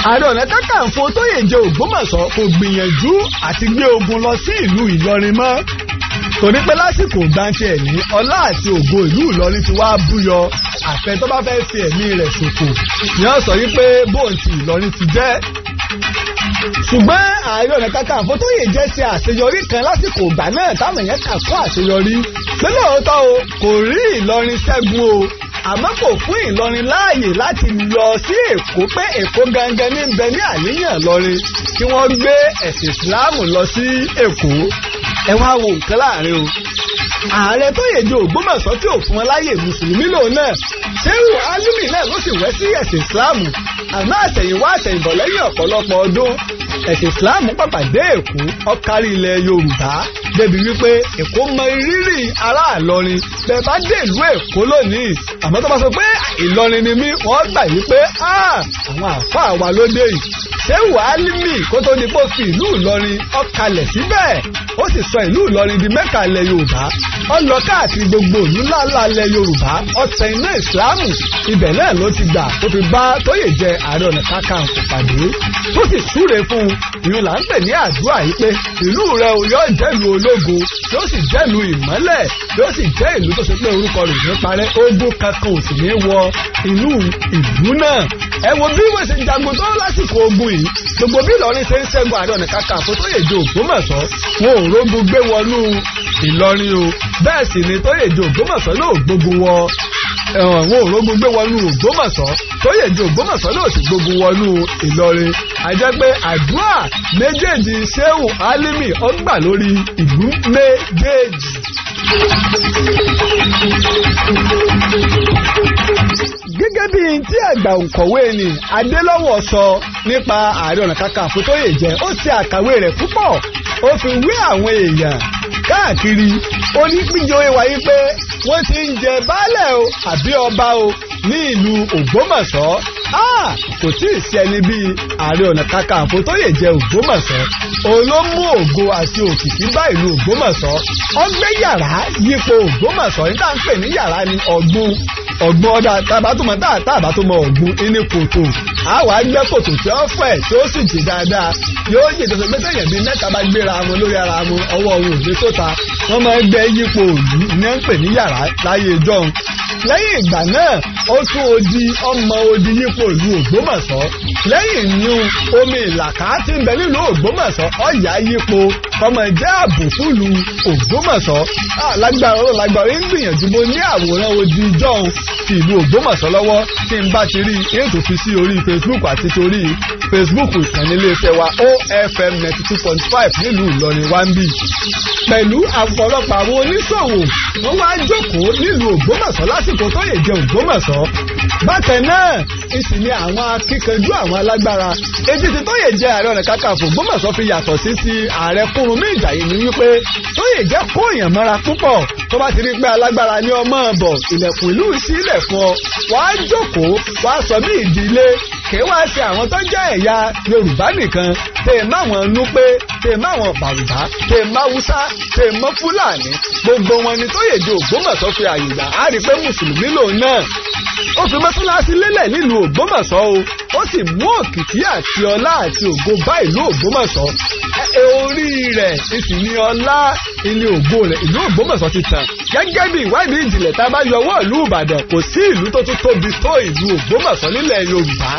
ààrẹ ọ̀nà kakanfò tóyèjẹ ògbómọ̀ṣọ́ kò gbìyànjú àti gbé ogun lọ sí ìlú ìlọrin mọ́ torí pé lásìkò gbáǹtì ẹ̀mí ọlá àti ògo ìlú ìlọrin ti wá búyọ àfẹ tó bá fẹ́ fi ẹ̀mí rẹ̀ ṣòfò ni wọ́n sọ wípé bóun ti ìlọrin ti jẹ́ ṣùgbọ́n ààrẹ ọ̀nà kakanfò tóyèjẹ ṣe àṣeyọrí kan lásìkò ìgbà náà táwọn èèyàn kà àmọ́ kò fún Ìlọrin láàyè láti lọ sí Èkó pé Èkó gangan ní bẹ ní àníyàn lọrin kí wọ́n gbé ẹ̀sìn Ìsìláàmù lọ sí Èkó ẹ wá wo nǹkan láàrin o ààrẹ Tóyèdé Ògbómọ̀ṣọ́ tí ò fún wọn láàyè mùsùlùmí lòun náà Ṣéhù Álímì náà ló sì wẹ́ sí ẹ̀sìn Ìsìláàmù àmọ́ àtẹ̀yìnwá àtẹ̀yìnbọ̀ lẹ́yìn ọ̀pọ̀lọpọ̀ ọdún ẹ̀sìn Ìsìláàmù pàpàdé Èkó ó ilẹ̀ Yorùbá débi wípé èkó mọ ìrírí ará ìlọrin bẹ́ẹ̀ bá dé ìlú èkó lónìí àmọ́ tó bá sọ pé ìlọrin ni mí wọ́n gbà wípé ah, àwọn àfa àwa ló dé yìí ṣéwù álímì kó tó di pò fi ìlú ìlọrin ọkàlẹ̀ síbẹ̀ ó sì sọ ìlú ìlọrin di mẹ́ka ilẹ̀ yorùbá ó lọ káàkiri gbogbo ìlú ńláńlá ilẹ̀ yorùbá ọ̀sẹ̀ iná ìsìlámù ibẹ̀ náà ló ti gbà tó fi bá tóyè jẹ ààrẹ ọ̀nà kakanfò pàdé tó sì súre fún un ìlú là ń pè ní àdúrà yìí pé ìlú rẹ o yóò jẹ́lu ológo yóò sì jẹ́lu ìmọ́lẹ̀ yóò sì jẹ́ ìlú tó ṣe pé orúkọ rẹ̀ ní parẹ́ ogun kankan ò sì ní wọ inú ìlú náà ẹ wo bí wọ́n ṣe jagun tó lásìkò ogun yìí gbogbo bí Ìlọrin ṣe ń ṣẹ́gun Ààrẹ Ọ̀nà Kakanfò Tóyèjé Ògbómọ̀ṣọ́ wọn ò rógun gbé wọnú Ìlọrin o bẹ́ẹ̀ sì ni Tóyèjé Ògbómọ̀ṣọ́ náà gbógun wọ wọn ò rógun gbé wọnú Ògbómọ̀ṣọ́ Tóyèjé Ògbómọ̀ṣọ́ náà sì gbógun wọnú Ìlọrin àjẹ́ pé àdúrà méjèèjì Ṣéhù Álímì ọgbà lórí ìlú méjèèjì. gẹ́gẹ́ bí tí àgbà òǹkọ̀wé ni Adélọ́wọ̀ sọ nípa Ààrẹ Ọ̀nà Kakanfò jẹ ó ṣe àkàwé rẹ̀ púpọ̀ ó fi wé àwọn èèyàn káàkiri onípínjọ́wé wáyé pé wọ́n ti ń jẹ baálẹ̀ o àbí ọba o ní ìlú Ògbómọ̀ṣọ́ kò tí ì sí ẹni bíi Ààrẹ Ọ̀nà òun ló mú ògo àti òkìkí bá ìlú ọgbẹ́ yàrá yípo ọ̀gbun ọ̀dà tàbá tó mọ tàbá tó mọ ọ̀gbun ní kòtò a wà á gbẹ́ kòtò tí ó fẹ̀ tí ó sì jì dáadáa yóò yè tó gbé sẹ́yìn bí mẹ́ta bá gbéra wọn lórí ara wọn ọwọ́ wọn ò gbé sóta wọ́n máa ń gbẹ́ yípo òòlù ní ń pè ní yàrá láyé ìjọ́un lẹ́yìn ìgbà náà ó tún odi ọmọ odi yípo ìlú Ògbómọ̀ṣọ́ lẹ́yìn ìyún omi ìlàkà ti ń bẹ nílùú Ògbómọ̀ṣọ́ ọ̀yà yípo ọmọ jẹ́ ààbò fúlù Ògbómọ̀ṣọ́ alágbára ọ̀rọ̀ lágbára ń gbìyànjú mo ní àwòrán odi ìjọ́un ti ìlú Ògbómọ̀ṣọ́ lọ́wọ́ tí n bá ti rí ètò fi sí orí Facebook àti torí Facebook ìkànnì iléeṣẹ́ wa OFM ninety two point five nílùú Ìlọrin wambi pẹ̀lú àpọ̀lọpọ̀ àwọn oníṣòwò wọ́n wá jókòó nílùú Ògbómọ̀ṣọ́ láti lásìkò tó lè jẹ Ògbómọ̀ṣọ́ bákan náà ìsì ni àwọn akíkanjú àwọn alágbára ètùtù tó yè jẹ ààrẹ ọ̀nà kakanfò Ògbómọ̀ṣọ́ fi yàtọ̀ sí ti ààrẹ Kúrunmí Ìjàyè ní wípé tó yè jẹ́ kóyàn mọ́ra púpọ̀ tó bá ti rí pé alágbára ni ọmọ ọ̀bọ̀ ilẹ̀kùn ìlú sílẹ̀ fún ọ wàá jókòó wàá sọ bí ìdílé kèé wá ṣe àwọn tó jẹ́ ẹ̀yà yorùbá nìkan tèè máwọn núpé tèè máwọn bàrùbá tèè máwúsá tèè mọ́ fúlàní gbogbo wọn ni Tóyèjì Ògbómọ̀ṣọ́ fi àyè gbà á rí i pé mùsùlùmí lòun náà ó fi mọ́sálásí lélẹ̀ nílùú Ògbómọ̀ṣọ́ o ó sì mú òkìtì àti ọlá àti ògo bá ìlú Ògbómọ̀ṣọ́ ẹ orí rẹ̀ èsì ni ọlá ilé ògo rẹ̀ ìlú Ògbómọ̀ṣọ́ ti tàn gẹ́gẹ́ bí ìwádìí ìjìnlẹ̀ tá a bá yọ ọwọ́ ìlú Ìbàdàn kò sí ìlú tó tún tóbi tó ìlú Ògbómọ̀ṣọ́ nílẹ̀ Yorùbá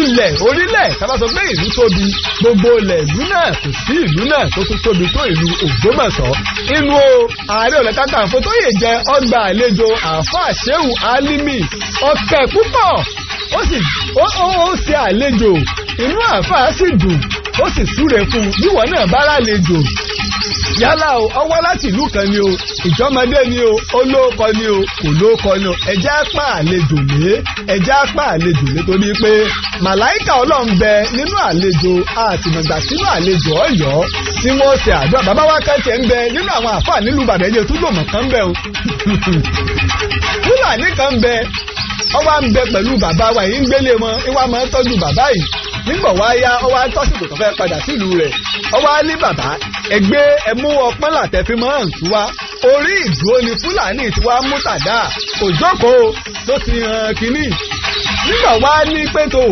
ilẹ̀ orílẹ̀ tá a bá sọ pé ìlú tóbi gbogbo ilẹ̀ ìlú náà kò sí ìlú náà tó tún tóbi tó ìlú Ògbómọ̀ṣọ́ inú o ààrẹ ọ̀nà kakanfò tó yè jẹ ọgbà àlejò àáfàá Ṣehu Alimi ọ̀kẹ́ púpọ̀ ó sì ó ó ṣe àlejò inú àáfàá sì dùn ó sì súre fún un bí wọn náà bá rálejò yálà o ọwọ́ láti ìlú kan ni o ìjọmọdé ni o olóòkọ ni o kò lóòkọ ni o ẹ̀jẹ̀ apá àlejò lé ẹ̀jẹ̀ apá àlejò lé torí pé màláìkà ọlọ́run bẹ nínú àlejò àtìmọ̀gbà sínú àlejò ọ̀yọ́ tí wọ́n ṣe àdúrà bàbá wa kan tiẹ̀ ń bẹ nínú àwọn àfáà nílùú bàbá ẹ̀jẹ̀ tún lòmọ̀ kan bẹ o fúlàní kan bẹ ọwọ́ à ń bẹ pẹ̀lú bàbá wa yìí ń gbélé wọn ìwà máa ń tọ́jú bàbá nígbà wá yá ọ wá tọ́sìkò tó fẹ́ padà sílùú rẹ̀ ọ wá ní bàbá ẹgbẹ́ ẹmú ọpọ́n làtẹ́fímọ́ àǹtú wá orí ìdúró ni fúlàní tí wàá mú tàdá òjòkòó ló ti hàn kínní nígbà wá ní pẹ́tò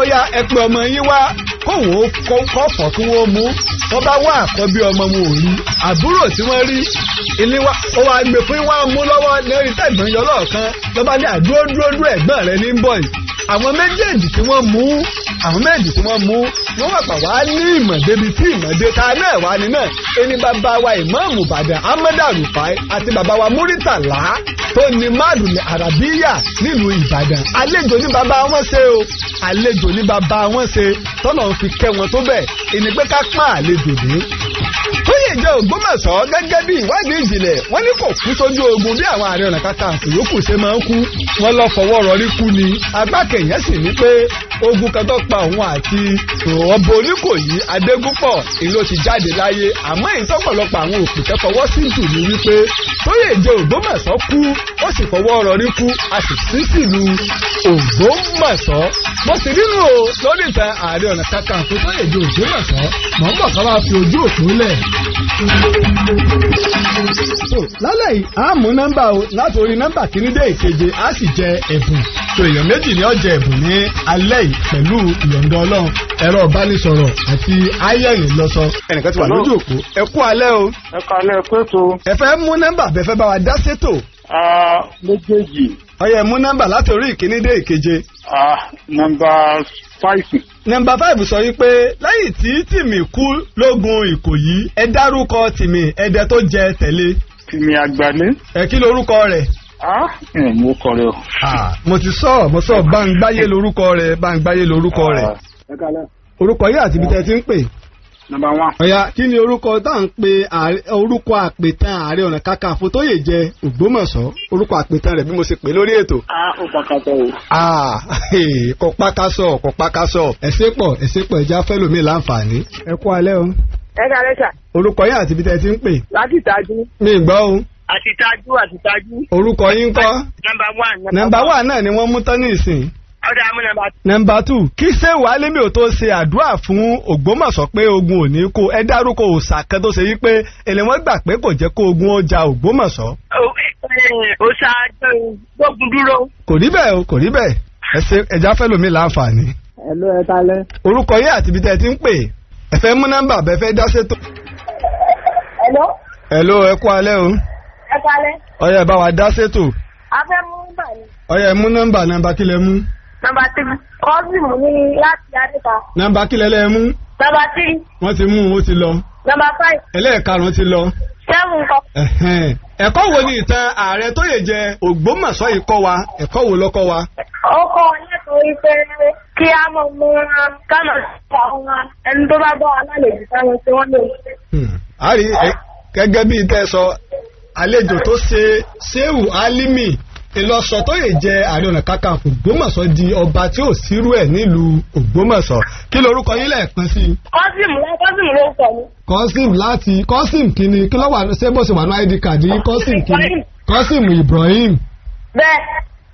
ọya ẹpẹ ọmọ yín wá kóhùn ó kọ́ ọ̀fọ̀ kí wọ́n mú wọ́n bá wá àkọ́bí ọmọ wọn ò rí àbúrò tí wọ́n rí ilé wa ó wá gbé fún wa mú lọ́wọ́ lẹ́rìí tẹ̀gbọ́n yọ lọ́ọ̀kan lọ́ba ní àdúró dúró dúró ẹ̀gbọ́n rẹ ní bọ́ọ̀lì àwọn méjèèjì tí wọ́n mú àwọn méjèèjì tí wọ́n mú wọ́n wà pàwá ní ìmọ̀ débi tí ìmọ̀ dé ta náà wà ní náà ẹni bàbá wa ìmáàmù Ìbàdàn Ahmed Arufai àti bàbá wa Muritala tó ní mádùnì Arabiya nílùú Ìbàdàn àlejò ní bàbá wọn ṣe o àlejò ní bàbá wọn ṣe tọ́nà fi kẹ́ wọn tó bẹ́ẹ̀ ẹni pé ká pọ́n àlejò dé jẹ́ Ògbómọ̀ṣọ́ gẹ́gẹ́ bí ìwádìí ìjìnlẹ̀ wọ́n ní kò kú sójú ogun bí àwọn Ààrẹ Ọ̀nà Kakanfò yòókù ṣe máa ń kú wọ́n lọ fọwọ́ rọrí kú ni agbákẹ̀yẹ́ sì ní pé ogun kan tó pa òun àti ọ̀bọ Oníkòyí Adégúnpọ̀ ìlú ti jáde láyé àmọ́ àwọn òkùnkẹ́ fọwọ́ sí ní wípé kú a sì sí mo sì nínú o lórí ìtàn Ààrẹ Ọ̀nà mọ̀ ń bọ̀ fi ojú so lálẹ́ yìí a mú nọ́mbà o látòrí nọ́mbà kìíní dé ìkeje a sì jẹ ẹ̀bùn to èèyàn méjì ni ó jẹ ẹ̀bùn ní alẹ́ yìí pẹ̀lú ìyọ̀ǹda ọlọ́run ẹ̀rọ ìbánisọ̀rọ̀ àti ayẹyẹ lọ́sọ. ẹnìkan ti wà lójú ẹ kú alẹ́ o. ẹ kú alẹ́ ẹ pé tó. Ah, méjèèjì. ọyẹ mú nọ́mbà láti orí ìkíní dé ìkeje. Ah, nọ́mbà five. nọ́mbà five sọ wípé lẹ́yìn tí tìmì kú lógun ìkòyí ẹ dárúkọ tìmì ẹdẹ tó jẹ tẹ̀lé. tìmì àgbàlẹ. ẹ kí lorúkọ rẹ̀. Ah, mo kọ rẹ o. mo ti sọ mo sọ báńgbáyé lorúkọ rẹ̀ báńgbáyé lorúkọ rẹ̀. Ah, orúkọ yìí àti ibi tẹ́ ti ń pè number one. ọ̀yà kí ni orúkọ tá à ń pe orúkọ àpètàn ààrẹ ọ̀nà kakanfò tó yè jẹ ògbómọ̀ṣọ́ orúkọ àpètàn rẹ̀ bí mo ṣe pè lórí ètò. a ò pàkàtọ̀ o. a kò pàkàsọ̀ kò pàkàsọ̀ ẹ̀sẹ̀ pọ̀ ẹ̀sẹ̀ pọ̀ ẹ̀já fẹ́ lómi láǹfààní. ẹ kú alẹ́ o. ẹ ká lẹ́sà. orúkọ yín àti ibi tẹ́ ti ń pè. láti tajú. mi gbọ́ o àtitájú àtitájú. orúkọ yín kọ́. nọ́mbà one. number one náà ni wọ́n mú tán ní ìsìn ọ̀dà àmú nàmbà tù. nàmbà tù kí ṣé wàá lémi ò tó ṣe àdúrà fún Ògbómọ̀ṣọ́ pé ogun ò ní kó ẹ dárúkọ òòṣà kan tó ṣe yí pé èlé wọn gbà pé kò jẹ́ kó ogun ó ja Ògbómọ̀ṣọ́. gbógun dúró. kò rí bẹ́ẹ̀ o kò rí bẹ́ẹ̀ ẹ ṣe ẹja fẹ́ lómi láǹfààní. ẹ ló ẹ ta lẹ. orúkọ yín àti ibi tẹ́ ẹ ti ń pè ẹ fẹ́ mú nọ́mbà bẹ́ẹ̀ fẹ́ dá ṣètò. hello. hello ẹ kú alẹ́ o. ẹ kú alẹ́. ọ̀yá ẹ bá wa dá ṣètò. a fẹ́ mú nọ́mbà ni. ọ̀yá ẹ mú nọ́mbà nọ́mbà kí lẹ mú nọmba tiri kọ́sìmù ní láti àríkà. nọmba kílẹ̀ lẹ́ mú. nọmba tiri. wọ́n ti mú ó ti lọ. nọmba five. ẹlẹ́ẹ̀karùn-ún ti lọ. sẹ́wọ̀n kọ. ẹ̀kọ́ wo ni ìtàn ààrẹ Tóyèjẹ Ògbómọ̀ṣọ́ yìí kọ́ wa ẹ̀kọ́ wo ló kọ́ wa. ó kọ́ nítorí pé kí a mọ̀ mọ́ kánà àwọn ẹni tó bá bọ́ alálejò táwọn tí wọ́n lè. àárí hmm. gẹ́gẹ́ bíi tẹ́ sọ àlejò tó ṣe Ṣéhù Álímì Ìlọsọ tó yè jẹ ààrẹ ọ̀nà kakanfò Ògbómọ̀ṣọ́ di ọba tí ò sírú ẹ̀ nílùú Ògbómọ̀ṣọ́ kí lorúkọ yín lẹ́ẹ̀kan sí i. Kọ́sìm Kọ́sìm ló sọ mí. Kọ́sìm láti Kọ́sìm kìíní kí ló wà ṣé bó ṣe wà ní ID card yìí Kọ́sìm kìíní Kọ́sìm Ibrahim. Bẹ́ẹ̀.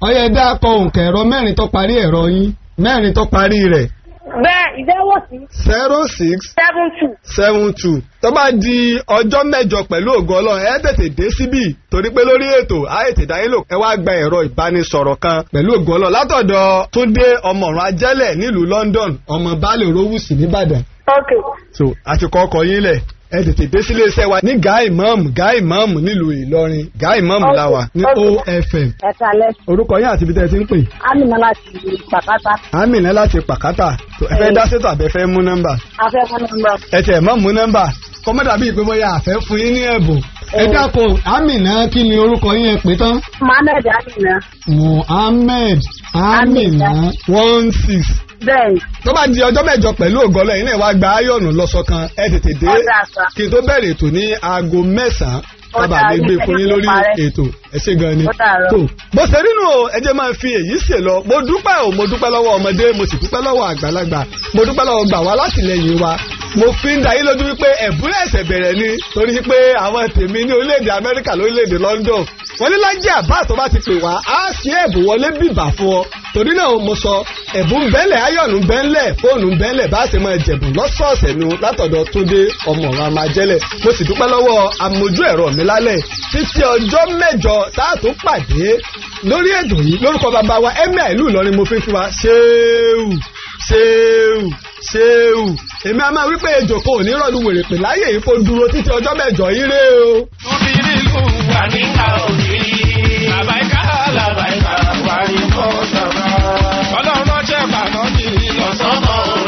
Ọyẹ dá akọ òǹkà ẹ̀rọ mẹ́rin tó parí ẹ̀rọ yín mẹ́rin tó parí rẹ̀ bẹ́ẹ̀ zero six. zero six. seven two. seven two. tó bá di ọjọ́ mẹ́jọ pẹ̀lú ògo ọlọ́run ẹ tètè dé síbí torí pé lórí ètò a ètè dáyé lò ẹ wá gba ẹ̀rọ ìbánisọ̀rọ̀ kan pẹ̀lú ògo ọlọ́run látọ̀dọ̀ Túndé ọmọọ̀run ajẹ́lẹ̀ nílùú London ọmọ baálé Rówùsì nìbàdàn. ok. so àti kọ́kọ́ yín lẹ̀ ẹ tètè dé sílé iṣẹ́ wa ní Gaa Imam Gaa Imam nílùú Ìlọrin Gaa Imam làwà ní OFM. ẹ kalẹ. orúkọ yín àti ibi tẹ́ ẹ ti ń pè. Amina láti Pàkátà. Amina láti Pàkátà ẹ fẹ́ dá sétò àbẹ fẹ́ mú nọ́mbà. a fẹ́ mú nọ́mbà. ẹ tẹ̀ mọ́ mú nọ́mbà kọ́mọ́dà bíi pé bóyá àfẹ́ fún yín ní ẹ̀bùn ẹ eh. dákun amina kí ni orúkọ yín ẹ pè tán. mohammed amina. mohammed amina one six bẹ́ẹ̀ni. tó bá di ọjọ́ mẹ́jọ pẹ̀lú ògọ́lẹ̀ yìí náà wá gba ayọ̀nù lọ́sọ ẹ tètè dé kí n tó bẹ̀rẹ̀ ètò ní aago mẹ́sàn-án tábà lè gbé fún yín lórí ètò ẹ ṣe gan ni. bó ṣe rí nù o ẹ jẹ́ máa fi èyí ṣe lọ mo dúpẹ́ o mo dúpẹ́ lọ́wọ́ ọmọdé mo sì dúpẹ́ lọ́wọ́ àgbàlagbà mo dúpẹ́ lọ́wọ́ gbà wá látìlẹ́yìn wa mo fi ń dayé lójú wípé ẹ̀bùrẹ́ ẹ̀sẹ̀ bẹ̀rẹ̀ ni torí pé àwọn tèmi ní orílẹ̀-èdè Amẹ́ríkà lórílẹ̀-èdè London wọ́n ní Lájí Abbas tó bá ti pè wá á ṣe ẹ̀bùn wọlé bìbà fún ọ torí náà mo sọ ẹ̀bùn bẹ́ẹ̀lẹ̀ ayọ̀nù bẹ́ẹ̀lẹ̀ fóònù bẹ́ẹ̀lẹ̀ bá ṣe máa jẹ̀bùn lọ́sọ̀ọ̀sẹ̀ nu látọ̀dọ̀ Túndé ọmọ ọ̀rọ̀ amájẹ́lẹ̀ mo sì dúpẹ́ lọ́wọ́ amójú ẹ̀rọ mi lálẹ́ títí ọjọ́ mẹ́jọ lọ tá a tún pàdé lórí ètò yìí lórúkọ bàbá wa emir ìlú Ìlọrin mo fi fún wa ṣéwù ṣéwù ṣéwù èmi a máa wípé ejò kan ò ní rọ̀lú wèrè pè láyé yìí kó dúró títí ọjọ́ mẹ́jọ yìí ré o. obìnrin ìlú wà níta òbí làbáyíká làbáyíká wà ní kọ́sàmá ọlọ́run ọjọ́ ìbànú ni lọ́sọ̀tàn.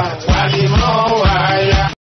Gualimão,